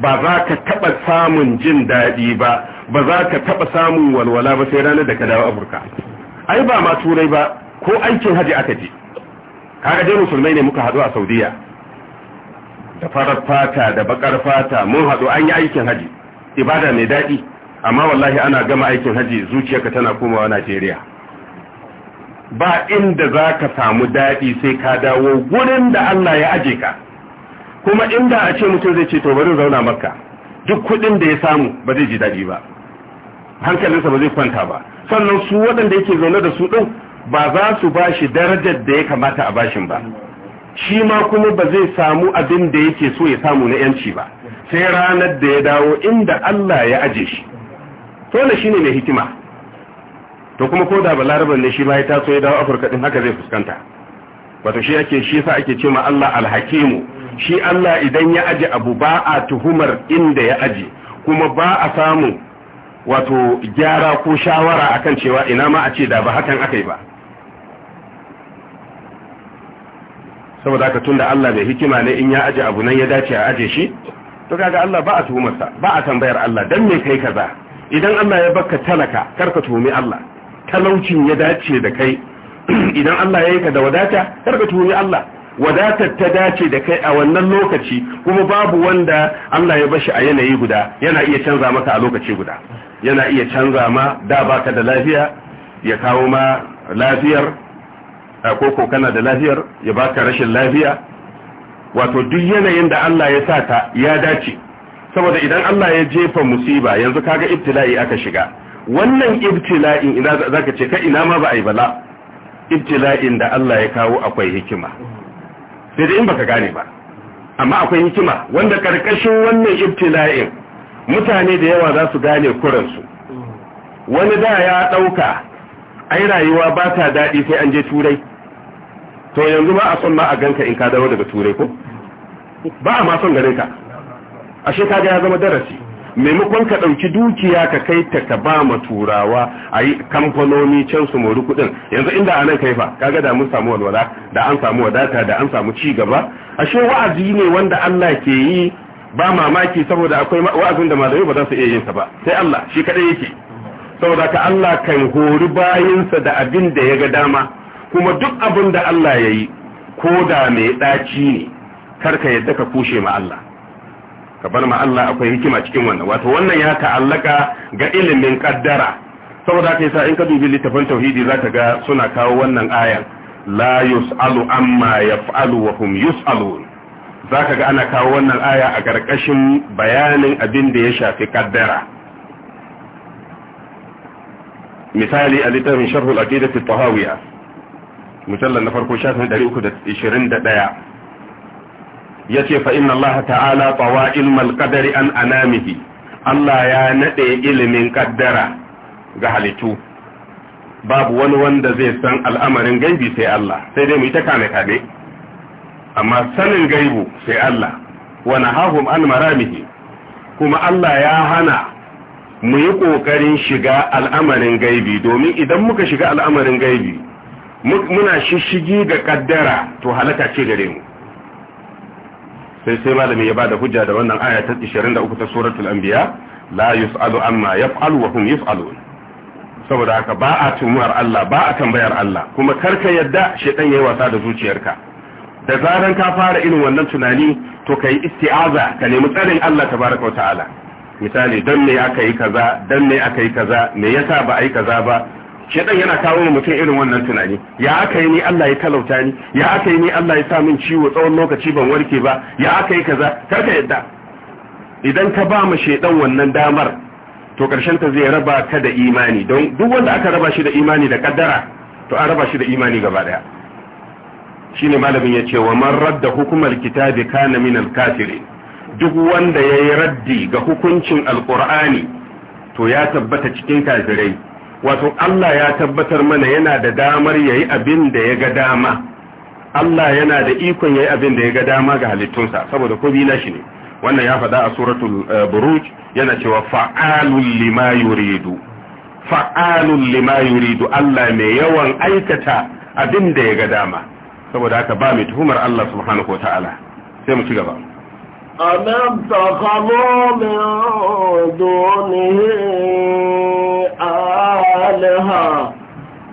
ba za ka taɓa samun jin daɗi ba ba za ka taɓa samun walwala ba sai ranar da ka dawo Afirka ai ba ma turai ba ko aikin haji aka je kaga je musulmai ne muka haɗu a saudiya da farar fata da bakar fata mun hadu an yi aikin haji ibada mai daɗi amma wallahi ana gama aikin haji zuciyarka tana komawa najeriya ba inda za ka samu daɗi sai ka dawo gurin da allah ya aje ka kuma inda a ce mutum zai ce to bari zauna makka duk kuɗin da ya samu ba zai ji daɗi ba hankalinsa ba zai kwanta ba sannan su waɗanda yake zaune da su ɗin ba za su ba shi darajar da ya kamata a bashin ba shi ma kuma ba zai samu abin da yake so ya samu na yanci ba sai ranar da ya dawo inda Allah ya aje shi to ne shine mai hikima to kuma ko da balaraban ne shi ma ya taso ya dawo Afirka din haka zai fuskanta wato shi yake shi yasa ake cewa Allah alhakimu shi Allah idan ya aje abu ba a tuhumar inda ya aje kuma ba a samu wato gyara ko shawara akan cewa ina ma a ce da ba hakan aka yi ba saboda haka tunda Allah mai hikima ne in ya aje abu nan ya dace a aje shi to kaga Allah ba a tuhumarsa ba a tambayar Allah dan me kai kaza idan Allah ya baka talaka karka tuhumi Allah talaucin ya dace da kai <clears throat> idan Allah ya yi ka da wadata karka tuhumi Allah Wadata ta dace da kai a wannan lokaci kuma babu wanda Allah ya bashi a yanayi guda yana iya canza maka a lokaci guda yana iya canza ma da baka da lafiya ya kawo ma lafiyar koko kana da lafiyar ya baka rashin lafiya wato duk yanayin da Allah ya sa ta ya dace saboda idan Allah ya jefa musiba yanzu kaga ibtila'i aka shiga wannan ibtila'in ina zaka ce ka ina ma ba ai bala ibtila'in da Allah ya kawo akwai hikima sai da in baka gane ba amma akwai hikima wanda karkashin wannan ibtila'in mutane da yawa za su gane kuransu wani da ya ɗauka ai rayuwa ba ta daɗi sai an je turai to yanzu ba a son ma a ganka in ka dawo daga turai ko ba a ma son ganin ka ashe kaga ya zama darasi maimakon ka ɗauki dukiya ka kai ta ka ba ma turawa a yi kamfanoni can su mori kuɗin yanzu inda a nan kai fa kaga da mun samu walwala da an samu wadata da an samu ci gaba ashe wa'azi ne wanda Allah ke yi ba mamaki saboda akwai wa'azin da malamai ba za su iya yin sa ba sai Allah shi kadai yake saboda ka Allah kan hori bayinsa da abin da ya ga dama kuma duk abin da Allah ya yi ko da mai ɗaci ne karka yadda ka kushe ma Allah ka bar ma Allah akwai hikima cikin wannan wato wannan ya ta'allaka ga ilimin kaddara saboda ka yasa in ka dubi littafin tauhidi za ka ga suna kawo wannan ayan la yus'alu amma yaf'alu wa hum yus'alun za ka ga ana kawo wannan aya a ƙarƙashin bayanin abin da ya shafi kaddara misali a littafin sharhul aqidat at-tahawiyya mujallal na farko shafin 321 yace fa inna Allah ta'ala tawa ilmal qadari an anamihi Allah ya nade ilimin kaddara ga halittu babu wani wanda zai san al'amarin gaibi sai Allah sai dai mu yi ta kame kame amma sanin gaibu sai Allah Wani nahahum an maramihi kuma Allah ya hana mu yi ƙoƙarin shiga al'amarin gaibi domin idan muka shiga al'amarin gaibi muna shishigi ga kaddara to halaka ce gare mu sai sai malami ya bada hujja da wannan aya ta 23 ta suratul anbiya la yus'alu amma yaf'alu wa hum yus'alun saboda haka ba a tumar Allah ba a tambayar Allah kuma karka yadda shedan yayi wasa da zuciyarka da zaran ka fara irin wannan tunani to kai isti'aza ka nemi tsarin Allah tabaraka wa ta'ala misali dan me aka yi kaza dan me aka yi kaza me yasa ba ai kaza ba shedan yana kawo mu mutum irin wannan tunani ya aka yi ni Allah ya talauta ni ya aka yi ni Allah ya sa min ciwo tsawon lokaci ban warke ba ya aka yi kaza kar karka yadda idan ka ba mu shedan wannan damar to karshen ta zai raba ka da imani don duk wanda aka raba shi da imani da kaddara to an raba shi da imani gaba daya shine malamin ya ce wa man radda hukumar kitabi kana minal kafiri duk wanda ya yi raddi ga hukuncin alkur'ani to ya tabbata cikin kafirai wato Allah ya tabbatar mana yana da damar yayi abin da ya ga dama Allah yana da ikon yayi abin da ya ga dama ga halittunsa saboda ko na shi ne wannan ya faɗa a suratul eh, buruj yana cewa fa'alul lima yuridu fa'alul lima yuridu Allah mai yawan aikata abin da ya ga dama saboda haka ba mai tuhumar Allah subhanahu wa ta'ala sai mu ci gaba أَلَمْ تَخَلُوا duni alaha آلِهَةً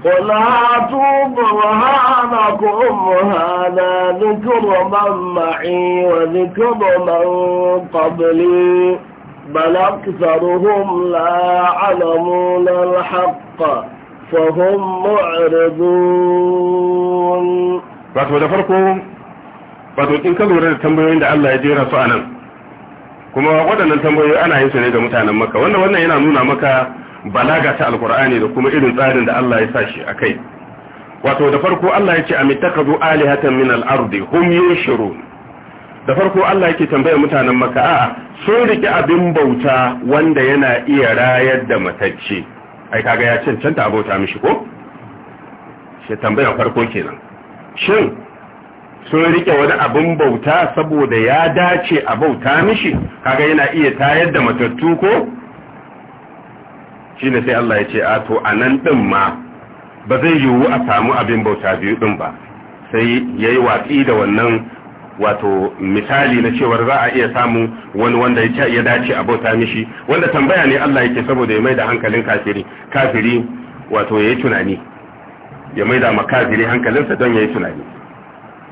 قُلْ هَاتُوا برهانكم هَذَا ذِكْرُ مَنْ مَعِي وَذِكْرُ مَنْ قَبْلِي بل أكثرهم لا علمون الحق فهم معرضون wato da farko wato in ka lura da tambayoyin da Allah ya jera su anan kuma waɗannan tambayoyi ana yin su ne ga mutanen maka wannan wannan yana nuna maka balaga ta alkur'ani da kuma irin tsarin da Allah ya sa shi a kai wato da farko Allah ya ce amittakazu alihatan min al-ardi hum yunshirun da farko Allah yake tambayar mutanen maka a sun rike abin bauta wanda yana iya rayar da matacce ai kaga ya cancanta abota mishi ko shi tambayar farko kenan shin sun rike wani abin bauta saboda ya dace a bauta mishi kaga yana iya tayar da matattu ko shi ne sai Allah ya ce a nan ɗin din ma ba zai yiwu a samu abin bauta biyu ɗin ba sai ya yi watsi da wannan wato misali na cewar za a iya samu wani wanda ya dace a bauta mishi wanda tambaya ne Allah yake saboda ya mai da hankalin kafiri kafiri wato yi tunani ya maida makafiri hankalinsa don ya yi tunani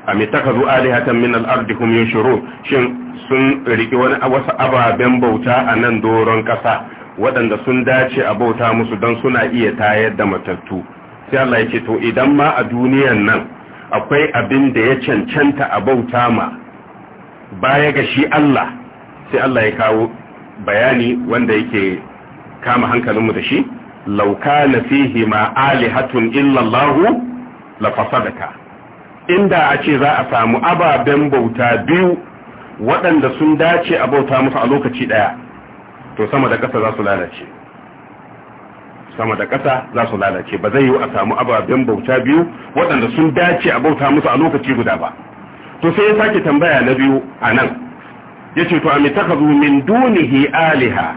a mitakazu alihatan min al'ardi yin shiru shin sun riki wani wasu ababen bauta a nan doron ƙasa waɗanda sun dace a bauta musu don suna iya tayar da matattu sai Allah ya ce to idan ma a duniyan nan akwai abin da ya cancanta a bauta ma baya ga shi Allah sai Allah ya kawo bayani wanda yake kama hankalinmu da shi Lauka kana fihi ma alihatun illa Allah la fasadaka inda a ce za a samu ababen bauta biyu waɗanda sun dace a bauta musu a lokaci ɗaya to sama da ƙasa za su lalace ba zai yi a samu ababen bauta biyu waɗanda sun dace a bauta musu a lokaci guda ba to sai ya sake tambaya na biyu a nan ya ce to a mitakazu min dunihi aliha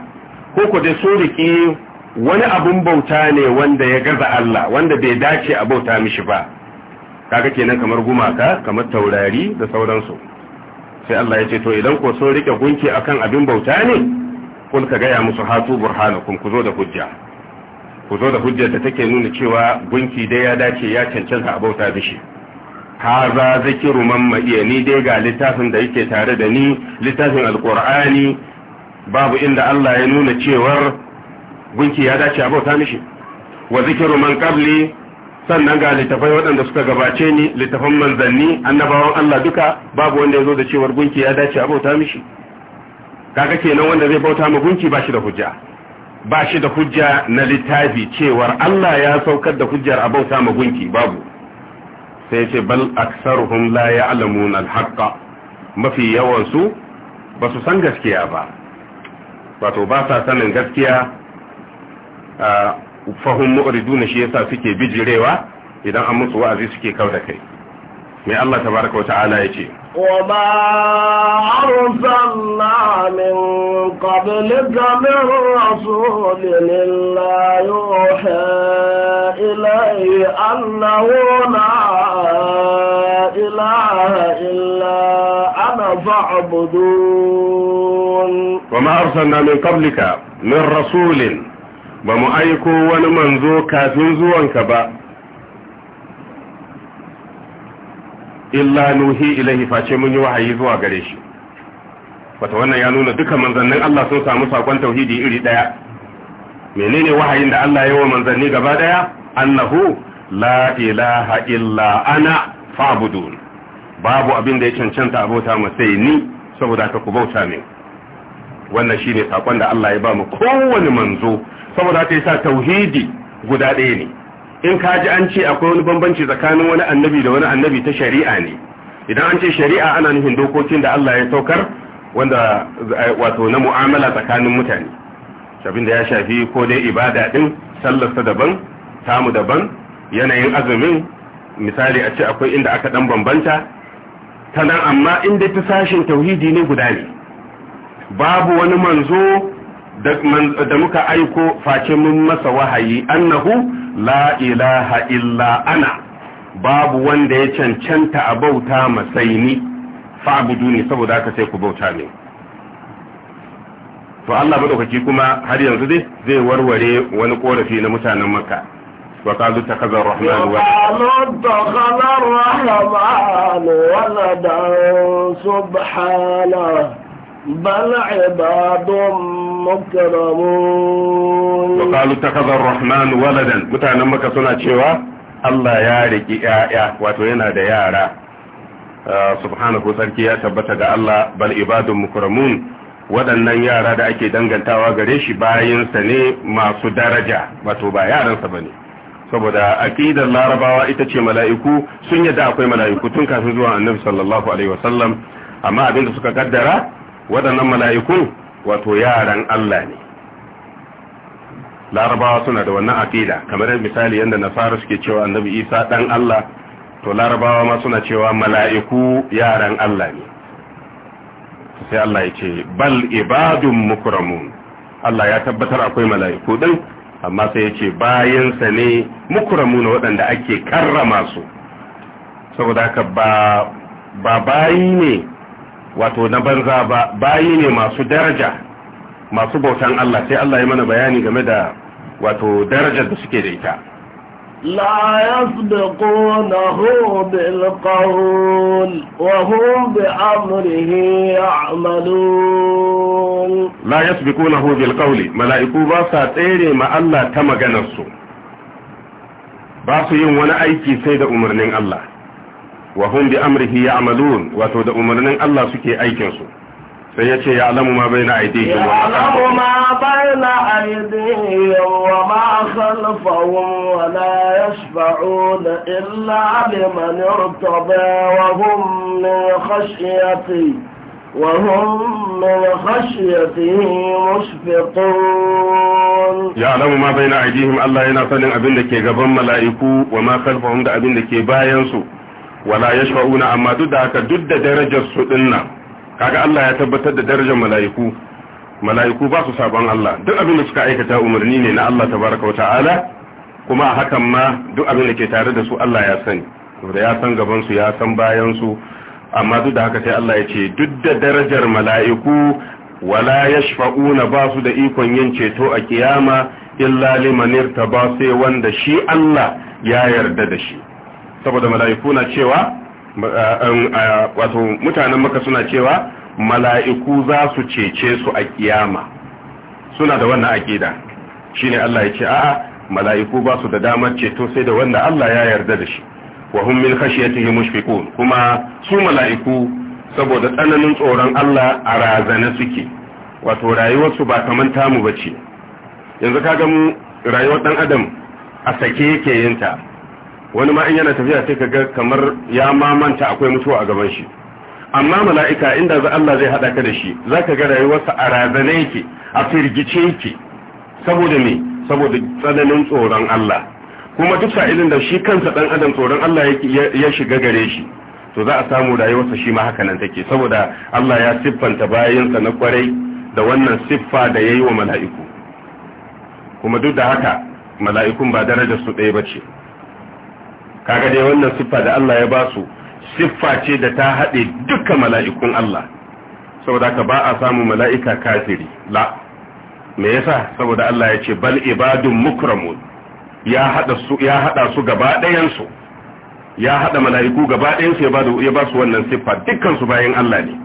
ko ku dai sun riƙe wani abun bauta ne wanda ya gaza Allah wanda bai dace a bauta mishi ba kaga kenan kamar gumaka kamar taurari da sauransu sai Allah ya ce to idan ko sun rike gunki akan abin bauta ne kun ka gaya musu hatu burhanakum ku zo da hujja ku zo da hujja ta take nuna cewa gunki dai ya dace ya cancanta a bauta mishi haza zikiru man ma'iya ni dai ga littafin da yake tare da ni littafin alqur'ani babu inda Allah ya nuna cewar gunki ya dace a bauta mishi wa zikiru man qabli sannan ga littafai waɗanda suka gabace ni littafan manzanni annabawan Allah duka babu wanda ya da cewar gunki ya dace a bauta mishi kaga kenan wanda zai bauta ma gunki ba shi da hujja ba shi da hujja na littafi cewar Allah ya saukar da hujjar a bauta ma gunki babu sai ce bal aksaruhum la ya'lamun al-haqqa mafi yawan su ba su san gaskiya ba wato ba sa sanin gaskiya fahim mu'riduna shi yasa suke bijirewa idan an musu wa'azi suke da kai mai Allah tabaraka wata'ala yace wa ma arsalna min qablika min rasulin illa yuha ilayhi annahu la ilaha illa ana fa'budun wa ma arsalna min qablika min rasulin ba mu aiko wani manzo kafin zuwanka ba illa nuhi ilahi face mun yi wahayi zuwa gare shi wata wannan ya nuna duka manzannin Allah sun samu sakon tauhidi iri daya menene wahayin da Allah ya wa manzanni gaba daya annahu la ilaha illa ana fa'budun babu abin da ya cancanta abota mu sai ni saboda ka ku bauta ne wannan shine sakon da Allah ya ba mu kowane manzo saboda ta sa tauhidi guda ɗaya ne in ka ji an ce akwai wani bambanci tsakanin wani annabi da wani annabi ta shari'a ne idan an ce shari'a ana nufin dokokin da Allah ya saukar wanda eh, wato na mu'amala tsakanin mutane abin da ya shafi ko dai ibada din sallarsa daban tamu daban yanayin azumin misali a ce akwai inda aka dan bambanta ta nan amma inda ta sashin tauhidi ne guda ne babu wani manzo da muka aiko face mun masa wahayi annahu la ilaha illa ana babu wanda ya cancanta a bauta masaini fa'budu ne saboda aka sai ku bauta ne to Allah madaukaki kuma har yanzu dai zai warware wani korafi na mutanen makka wa qalu takazzar rahman wa qalu takazzar rahman wa subhanahu بل عباد مكرمون وقالوا اتخذ الرحمن ولدا متانا مكة سنة شوى الله يارك yana واتوينا ديارا subhanahu sarki ya tabbata ga Allah bal ibadun mukramun waɗannan yara da ake dangantawa gare shi bayansa ne masu daraja wato ba yaransa ba ne. saboda aqidar larabawa ita ce mala'iku sun yadda akwai mala'iku tun kafin zuwa annabi sallallahu alaihi wasallam amma abinda suka kaddara waɗannan mala'ikun wato yaran Allah ne larabawa suna da wannan aƙida kamar misali yadda nasara suke cewa annabi isa ɗan Allah to larabawa ma suna cewa mala'iku yaran Allah ne sai Allah ya ce bal ibadun mukramun Allah ya tabbatar akwai mala'iku ɗin amma sai ya ce bayansa ne mukramun waɗanda ake karrama su saboda haka ba bayi ne wato na banza ba bayi ne masu daraja masu bautan Allah sai Allah ya mana bayani game da wato darajar da suke da ita la yasbiqunahu bil qawl wa hum bi amrihi ya'malun la yasbiqunahu bil qawl malaiku ba sa tsere ma Allah ta maganar su ba su yin wani aiki sai da umarnin Allah wa hum bi amrihi ya'malun wato da umarnin Allah suke aikin su sai yace ya alamu ma baina aydihim wa alamu ma baina aydihim wa ma khalfahum wa la yashfa'un illa liman irtada wa hum min khashyatihi وهم من خشيته allah yana sanin abin da ke gaban mala'iku wa ma ملائكو da abin da ke bayan su. wala yashfa'una amma duk da haka duk da darajar su dinnan kaga Allah ya tabbatar da darajar mala'iku mala'iku ba su sabon Allah duk abin da suka aikata umarni ne na Allah tabaraka wa ta'ala kuma a hakan ma duk abin da ke tare da su Allah ya sani saboda ya san gaban su ya san bayan su amma duk da haka sai Allah ya ce duk da darajar mala'iku wala yashfa'una ba su da ikon yin ceto a kiyama illa liman irtaba sai wanda shi Allah ya yarda da shi saboda mala'iku na cewa wato mutanen maka suna cewa mala'iku za su cece su a kiyama suna da wannan aƙida shine Allah ya ce a'a mala'iku ba su da damar ceto sai da wanda Allah ya yarda da shi wa hum min khashyatihi mushfiqun kuma su mala'iku saboda tsananin tsoron Allah a razana suke wato rayuwarsu ba kaman tamu bace yanzu kaga mu rayuwar dan adam a sake yake yinta wani ma in yana tafiya sai kaga kamar ya mamanta akwai mutuwa a gaban shi amma mala'ika inda za Allah zai hada ka da shi zaka ga rayuwarsa a razana yake a firgice yake saboda me saboda tsananin tsoron Allah kuma duk sa'ilin da shi kansa dan adam tsoron Allah ya shiga gare shi to za a samu rayuwarsa shi ma haka nan take saboda Allah ya siffanta bayansa na kwarai da wannan siffa da yayi wa mala'iku kuma duk da haka mala'ikun ba darajar su ɗaya bace kaga dai wannan siffa da Allah ya ba su siffa ce da ta haɗe duka mala'ikun Allah saboda ka ba a samu mala'ika kafiri la me yasa saboda Allah ya ce bal ibadun mukramun ya haɗa su gaba ɗayansu ya haɗa mala'iku gaba ɗayansu ya ba su wannan siffa dukansu bayan Allah ne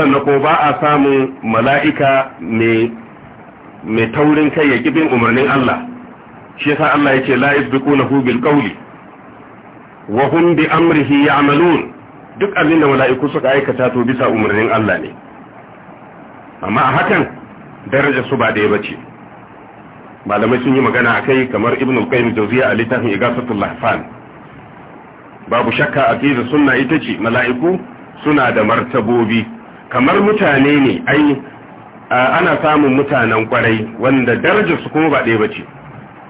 sannan ko ba a samun mala'ika mai taurin kai ya bin umarnin Allah shi yasa Allah ya ce la yasbiquna hu bil wa hum bi amrihi ya'malun duk abinda mala'iku suka aikata to bisa umarnin Allah ne amma a hakan daraja su ba da yaba bace malamai sun yi magana akai kamar ibnu qayyim jawziya a littafin igasatul lahfan babu shakka aqida sunna ita ce mala'iku suna da martabobi kamar mutane ne ai ana samun mutanen kwarai wanda darajar su kuma ba yaba ce.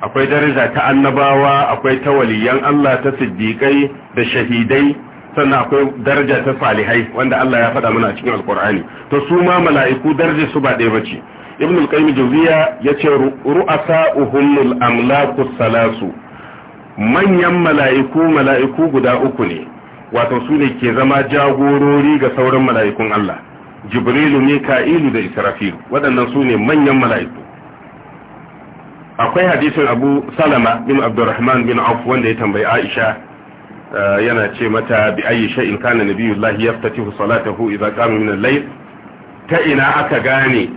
akwai daraja ta annabawa akwai ta waliyan Allah ta siddiƙai da shahidai sannan akwai daraja ta salihai wanda Allah ya faɗa mana a cikin alkur'ani to su ma mala'iku daraja su ba ɗaya bace ibn al-qayyim jawziya yace ru'asa uhumul amlaku salasu manyan mala'iku mala'iku guda uku ne wato su ne ke zama jagorori ga sauran mala'ikun Allah jibrilu mika'ilu da israfilu waɗannan su ne manyan mala'iku akwai hadisin abu salama bin abdurrahman bin auf wanda ya tambayi aisha eh, yana ce mata bi ayi shay'in kana nabiyullahi yaftatihu salatahu idza qama min al-layl ta ina aka gane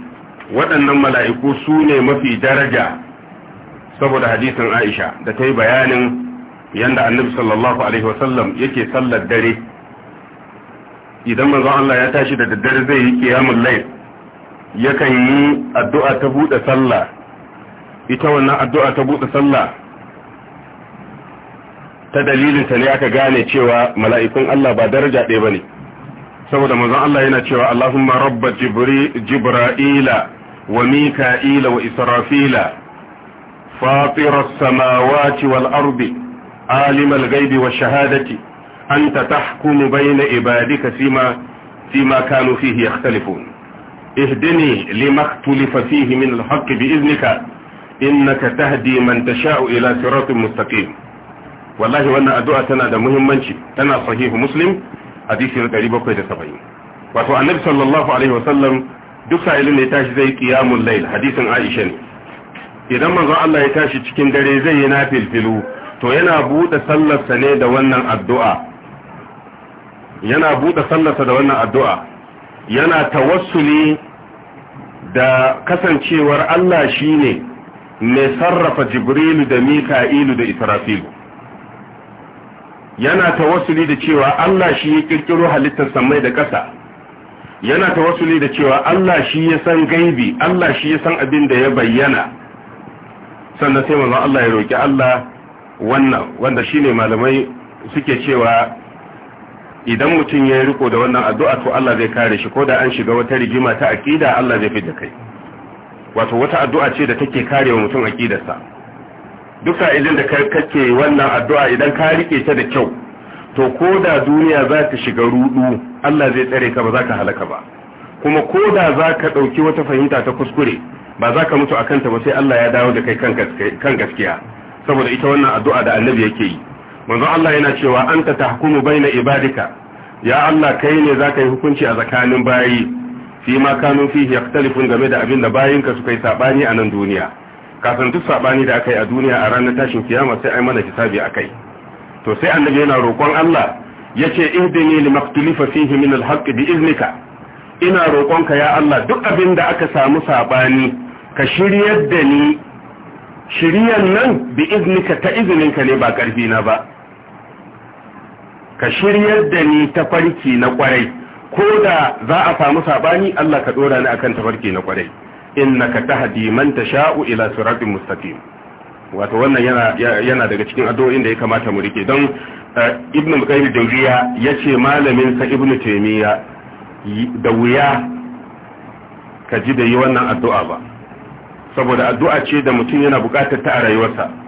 waɗannan mala'iku su ne mafi daraja saboda hadisin aisha da ta yi bayanin yanda annabi sallallahu alaihi wasallam yake sallar dare idan manzon Allah ya tashi da daddare zai yi qiyamul layl yakan yi addu'a ta buɗe sallah ita wannan addu'a ta buɗe sallah ta dalilin ta ne aka gane cewa mala'ikun Allah ba daraja ɗaya bane saboda manzon Allah yana cewa Allahumma rabba jibra'ila wa mika'ila wa israfila فاطر السماوات والأرض عالم الغيب والشهادة أنت تحكم بين عبادك فيما, فيما كانوا فيه يختلفون اهدني لما fihi min من الحق بإذنك innaka tahdi man tasha'u ila siratin mustaqim wallahi wannan addu'a tana da muhimmanci tana sahihu muslim hadisi na 770 wato annabi sallallahu alaihi wasallam duk sa'ilin ne ya tashi zai qiyamul layl hadisin Aisha ne idan manzon Allah ya tashi cikin dare zai yi nafilfilu to yana buɗe sallarsa ne da wannan addu'a yana buɗe sallarsa da wannan addu'a yana tawassuli da kasancewar Allah shi ne mai sarrafa jibrilu da mika'ilu da israfilu yana tawassuli da cewa Allah shi ya kirkiro halittar samai da ƙasa yana tawassuli da cewa Allah shi ya san gaibi Allah shi ya san abin da ya bayyana sannan sai manzon Allah ya roki Allah wannan wanda shine malamai suke cewa idan mutum ya riko da wannan addu'a to Allah zai kare shi ko da an shiga wata rigima ta akida Allah zai da kai wato wata addu'a ce da take kare wa mutum aqidarsa duka sa'ilin da kake wannan addu'a idan ka rike ta da kyau to ko da duniya za ka shiga rudu Allah zai tsare ka ba za ka halaka ba kuma ko da za ka ɗauki wata fahimta ta kuskure ba za ka mutu a kanta ba sai Allah ya dawo da kai kan gaskiya saboda ita wannan addu'a da annabi yake yi manzon Allah yana cewa anta tahkumu na ibadika ya Allah kai ne za ka yi hukunci a tsakanin bayi fi ma kanu fihi game da abin da bayinka suka yi sabani a nan duniya kasan duk sabani da aka yi a duniya a ranar tashin kiyama sai ai mana hisabi kai to sai annabi yana roƙon Allah yace ihdini maktulifa fihi min alhaq bi iznika ina roƙonka ya Allah duk abin da aka samu sabani ka shiryar da ni shiryan nan bi iznika ta izininka ne ba karfi na ba ka shiryar da ni ta farki na kwarai ko da za a samu sabani Allah ka dora ni akan tafarki na kwarai innaka tahdi man tasha'u ila siratin mustaqim wato wannan yana yana daga cikin addu'o'in da ya kamata mu rike don eh, ibnu qayyim dawiya yace malamin sa ibnu taymiya da wuya ka ji da yi wannan addu'a ba saboda addu'a ce da mutum yana bukatar ta a rayuwarsa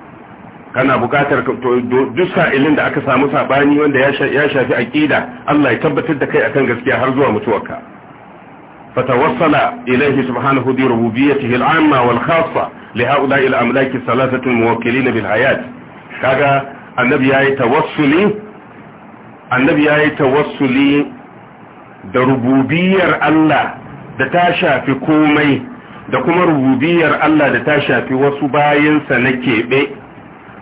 kana bukatar duk sa'ilin da aka samu sabani wanda ya shafi aqida Allah ya tabbatar da kai akan gaskiya har zuwa mutuwarka fatawassala ilayhi subhanahu bi rububiyyatihi al-amma wal khassa li ha'ula'i al-amlaki thalathati al-muwakkilin bil hayat kaga annabi yayi tawassuli annabi yayi tawassuli da rububiyar Allah da ta shafi komai da kuma rububiyar Allah da ta shafi wasu bayansa na keɓe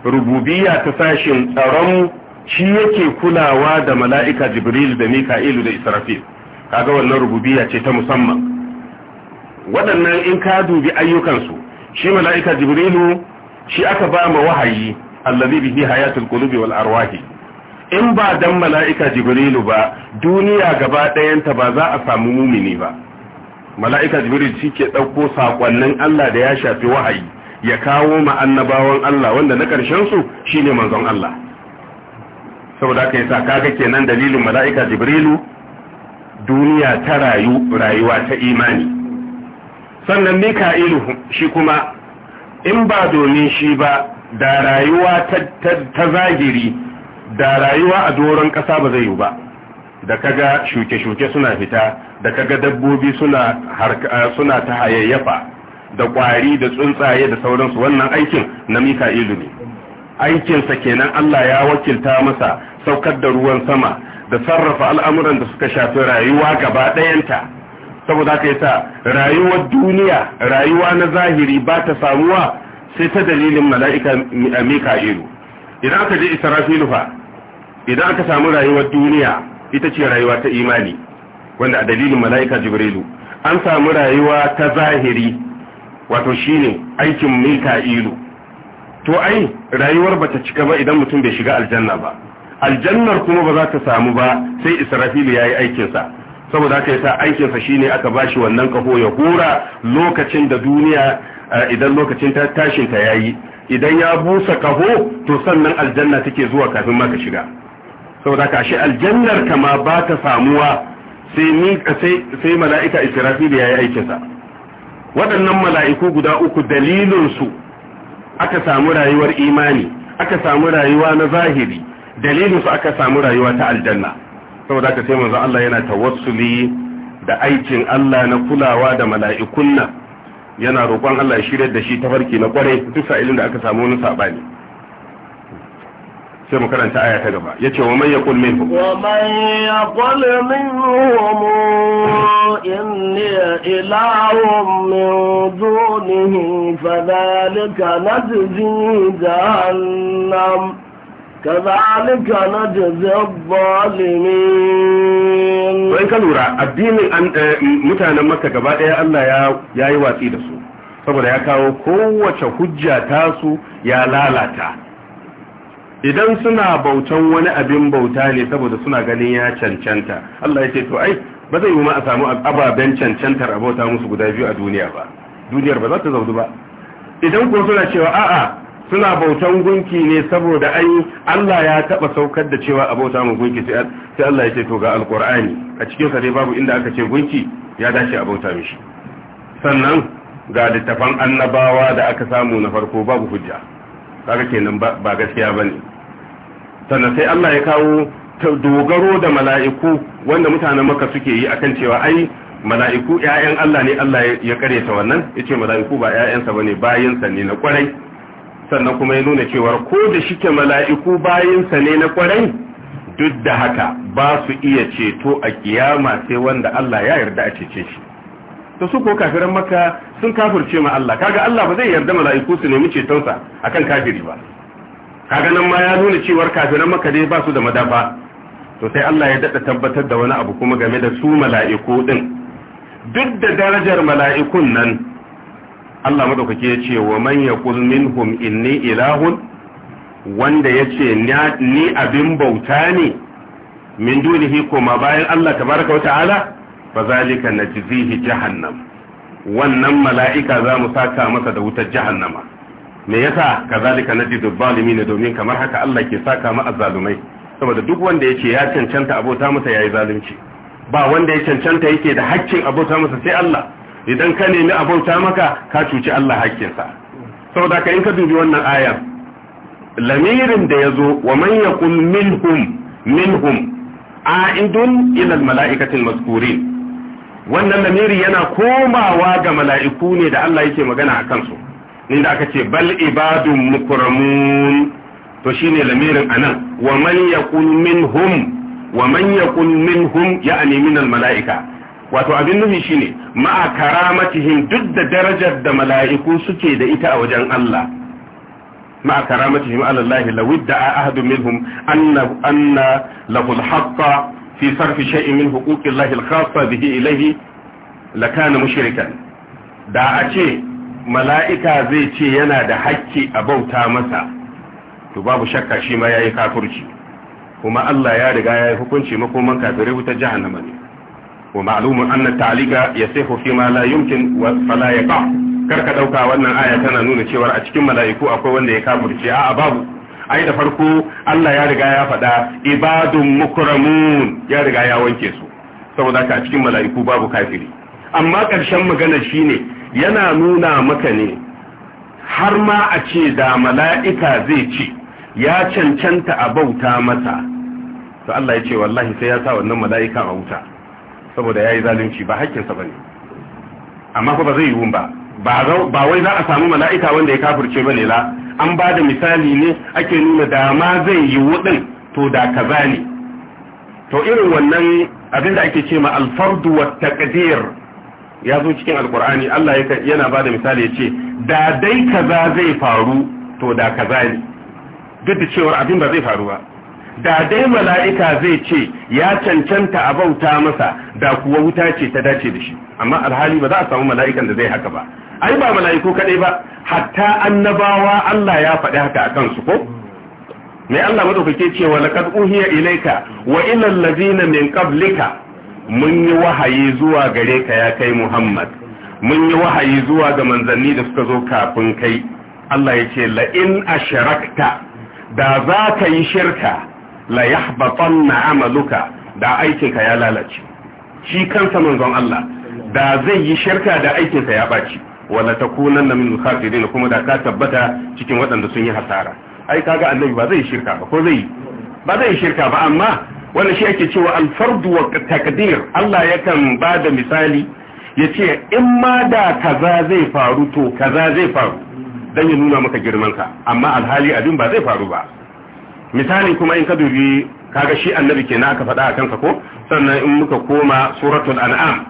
Rububiya ta sashin tsaron shi yake kulawa da mala'ika jibril da mika'ilu da israfil kaga wannan rububiya ce ta musamman waɗannan in ka dubi ayyukansu shi mala'ika jibrilu shi aka ba ma wahayi allazi bihi hayatul qulubi wal arwahi in ba dan mala'ika jibrilu ba duniya gaba ɗayanta ba za a samu mumini ba mala'ika jibril shi ke ɗauko saƙonnin Allah da ya shafi wahayi ya kawo ma annabawan Allah wanda na ƙarshen su shine manzon Allah saboda ka sa kaga kenan dalilin mala'ika Jibrilu duniya ta rayu rayuwa ta imani sannan Mika'ilu shi kuma in ba domin shi ba da rayuwa ta zagiri da rayuwa a doron ƙasa ba zai yi ba da kaga shuke-shuke suna fita da kaga dabbobi suna ta hayayyafa da kwari da tsuntsaye da sauransu wannan aikin na mika'ilu ne aikinsa kenan Allah ya wakilta masa saukar da ruwan sama da sarrafa al'amuran da suka shafi rayuwa gaba ɗayanta saboda ka yi sa rayuwar duniya rayuwa na zahiri ba ta samuwa sai ta dalilin mala'ika a eh, mika'ilu idan aka je israfilu fa idan aka samu rayuwar duniya ita ce rayuwa ta imani wanda a dalilin mala'ika jibrilu an samu rayuwa ta zahiri wato shine aikin mika mika'ilu to ai rayuwar ba ta cika ba idan mutum bai shiga aljanna ba aljannar kuma ba za ta samu ba sai israfilu ya yi aikinsa saboda haka yasa aikinsa shi shine aka bashi wannan kaho ya hura lokacin da duniya idan lokacin tashin ta yayi idan ya busa kaho to sannan aljanna take zuwa kafin ma ka shiga saboda haka shi aljannar kama ba ta samuwa sai ni sai mala'ika israfilu ya yi aikinsa. waɗannan mala'iku guda uku dalilinsu aka samu rayuwar imani aka samu rayuwa na zahiri dalilinsu aka samu rayuwa ta aljanna saboda aka sai manzo Allah yana tawassuli da aikin Allah na kulawa da mala'ikun nan yana roƙon Allah ya shirya da shi farki na kwarai duk sa'ilin da aka samu wani saɓani. sai mu karanta aya ta gaba yace wa man yaqul minhum wa man yaqul minhum inni ilahum min dunihi fadhalika najzi jahannam كذلك نجزي الظالمين وإن كان لورا الدين متانا مكة gaba ɗaya Allah ya yi watsi da su saboda ya kawo kowace hujja tasu ya lalata idan suna bautan wani abin bauta ne saboda suna ganin ya cancanta Allah ya ce to ai ba zai yi ma a samu ababen cancantar a bauta musu guda biyu a duniya ba duniyar ba za ta zaudu ba idan ko suna cewa a'a suna bautan gunki ne saboda ai Allah ya taba saukar da cewa a bauta mu gunki sai Allah ya ce to ga alqur'ani a cikin sa dai babu inda aka ce gunki ya dace a bauta mishi sannan ga littafan annabawa da aka samu na farko babu hujja kaga kenan ba gaskiya bane sannan sai Allah ya kawo dogaro da mala'iku wanda mutanen maka suke yi akan cewa ai mala'iku ‘ya'yan Allah ne Allah ya ta wannan ya ce mala'iku ba ‘ya'yansa ba ne bayansa ne na kwarai sannan kuma ya nuna cewa ko da shike mala'iku bayansa ne na kwarai duk da haka ba su iya ceto a kiyama sai wanda Allah ya yarda a cece shi to su ko kafiran maka sun kafirce ma Allah kaga Allah ba zai yarda mala'iku su nemi cetonsa akan kafiri ba kaga nan ma ya nuna cewar kafiran maka dai ba su da madafa to sai Allah ya dada tabbatar da wani abu kuma game da su mala'iku din duk da darajar mala'ikun nan Allah madaukake ya ce wa man yaqul minhum inni ilahun wanda yace ni abin bauta ne min dunihi kuma bayan Allah tabaraka ta'ala fa zalika najzihi jahannam wannan mala'ika za mu saka masa da wutar jahannama me yasa kazalika najidu ne domin kamar haka Allah ke saka mu azzalumai saboda duk wanda yake ya cancanta abota masa yayi zalunci ba wanda ya cancanta yake da haƙƙin abota masa sai Allah idan ka nemi abota maka ka cuci Allah haƙƙinsa saboda ka in ka dubi wannan aya lamirin da yazo wa man yaqul minhum minhum a'idun ila al-mala'ikati wannan lamiri yana komawa ga mala'iku ne da Allah yake magana akan su da aka ce bal ibadun mukramun to shine lamirin anan wa man yakun minhum wa man yakun minhum ya'ni min al mala'ika wato abin nufi shine ma'a karamatihim duk da darajar da mala'iku suke da ita a wajen Allah ma'a karamatihim ala Allah lawidda ahadun minhum anna anna lahu al-haqqa fi sarfi shay'in min huquqi Allah al-khassa bihi ilayhi lakana mushrikan da a ce mala'ika zai ce yana da haƙƙi a bauta masa to babu shakka shi ma ya yi kafurci. kuma Allah ya riga ya yi hukunci makoman kafirai wuta na mani. wa ma'lumun anna ta'liqa ya sai ma la yumkin wa fala karka ɗauka wannan aya tana nuna cewa a cikin mala'iku akwai wanda ya kafurci a'a babu ai da farko Allah ya riga ya faɗa ibadun mukramun ya riga ya wanke su saboda ka cikin mala'iku babu kafiri amma ƙarshen magana shine yana nuna maka ne har ma a ce da mala'ika zai ce ya cancanta a bauta masa to Allah ya ce wallahi sai ya sa wannan mala'ika a wuta saboda ya yi zalunci ba hakkinsa ba ne amma ba zai yi wun ba ba wai za a samu mala'ika wanda ya kafirce ba ne la an ba da misali ne ake nuna da ma zai yi ɗin to da kaza ne to irin wannan abin da ake ce ma alfardu wa taqdir ya zo cikin alkur'ani Allah yana ba da misali ya ce da dai kaza zai faru to da kaza ne duk da cewar abin ba zai faru ba da dai mala'ika zai ce ya cancanta a bauta masa da kuwa wuta ce ta dace da shi amma alhali ba za a samu mala'ikan da zai haka ba ai ba mala'iku kadai ba hatta annabawa Allah ya faɗi haka a kansu ko mai Allah madaukake cewa laqad uhiya ilayka wa ila allazina min qablika mun yi wahayi zuwa gare ka ya kai Muhammad mun yi wahayi zuwa ga manzanni da suka zo kafin kai Allah ya ce la'in asharakta da za ka yi shirka la yahbatanna amaluka da aikinka ya lalace shi kansa manzon Allah da zai yi shirka da aikinka ya baci wala na min al kuma da ka tabbata cikin waɗanda sun yi hasara ai kaga annabi ba zai shirka ba ko zai ba zai shirka ba amma wannan shi ake cewa alfardu wa takdir Allah yakan ba da misali ya ce in ma da kaza zai faru to kaza zai faru don ya nuna maka ka amma alhali abin ba zai faru ba misalin kuma in ka dubi kaga shi annabi kenan aka faɗa a ka ko sannan in muka koma suratul an'am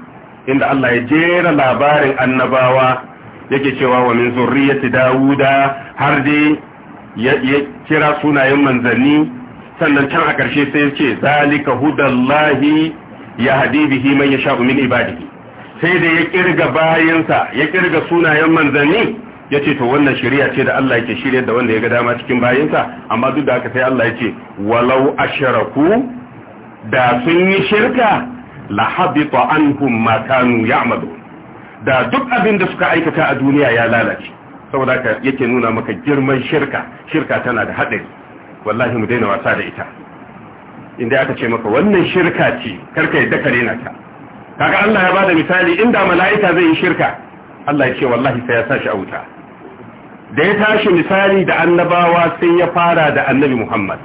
inda Allah ya jera labarin annabawa yake cewa wa min zurriyyati dawuda har dai ya kira sunayen manzanni sannan can a ƙarshe sai ce zalika hudallahi ya hadi bihi man yasha'u min ibadihi sai da ya kirga bayansa ya kirga sunayen manzanni ya ce to wannan shari'a ce da Allah yake shirya da wanda ya ga dama cikin bayansa amma duk da haka sai Allah ya ce walau asharaku da sun yi shirka la habita anhum ma kanu ya'malu da duk abin da suka aikata a duniya ya lalace saboda haka yake nuna maka girman shirka shirka tana da hadari wallahi mu daina wasa da ita inda aka ce maka wannan shirka ce karka yadda ka rena ta kaga Allah ya bada misali inda mala'ika zai yi shirka Allah ya ce wallahi sai ya shi a wuta da ya tashi misali da annabawa sai ya fara da annabi Muhammad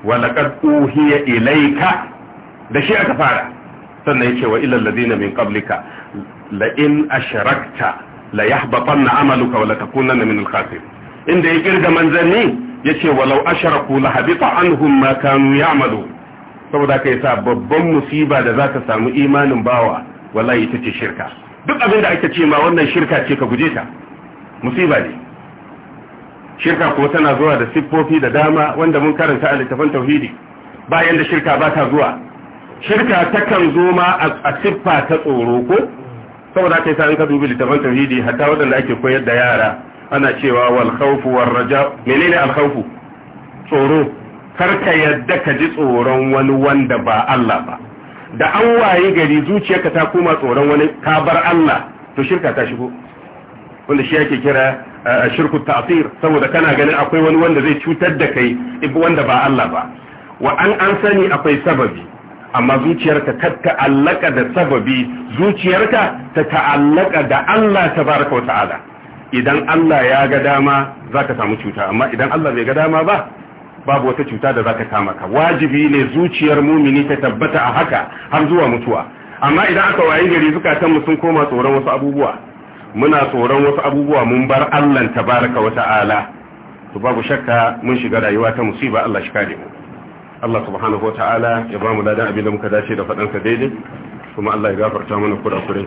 walaqad uhiya ilaika. da shi aka fara sannan ya ce wa ilal ladina min qablika la in ashrakta la yahbatanna amaluka wa la takunanna min al-khasirin inda ya girga manzanni ya ce walau asharaku la habita anhum ma kanu ya'malu saboda kai sa babban musiba da zaka samu imanin bawa wallahi ita ce shirka duk abin da ake ce ma wannan shirka ce ka guje ta musiba ne shirka ko tana zuwa da siffofi da dama wanda mun karanta a littafin tauhidi bayan da shirka ba ta zuwa shirka takan zo ma a siffa ta tsoro ko saboda kai sa in ka dubi littafin tauhidi hatta wadanda ake koyar da yara ana cewa wal khawfu menene tsoro kar ka yadda ka ji tsoron wani wanda ba Allah ba da an waye gari zuciyarka ta koma tsoron wani ka bar Allah to shirka ta shigo wanda shi yake kira eh, shirku ta'sir saboda kana ganin akwai wani wanda zai cutar da kai wanda ba Allah ba wa an an sani akwai sababi amma zuciyarka ta ta'allaka da sababi zuciyarka ta ta'allaka da Allah tabaraka wa ta'ala idan Allah ya ga dama za ka samu cuta amma idan Allah bai ga dama ba babu wata cuta da zaka kama ka wajibi ne zuciyar mumini ta tabbata a haka har zuwa mutuwa amma idan aka wayi gari zukatan sun koma tsoron wasu abubuwa muna tsoron wasu abubuwa mun bar Allah tabaraka wa ta'ala to babu shakka mun shiga rayuwa ta musiba Allah shi kare mu Allah subhanahu wa ta'ala ya ba mu ladan abin da muka dace da faɗansa daidai kuma Allah ya gafarta mana kurakurai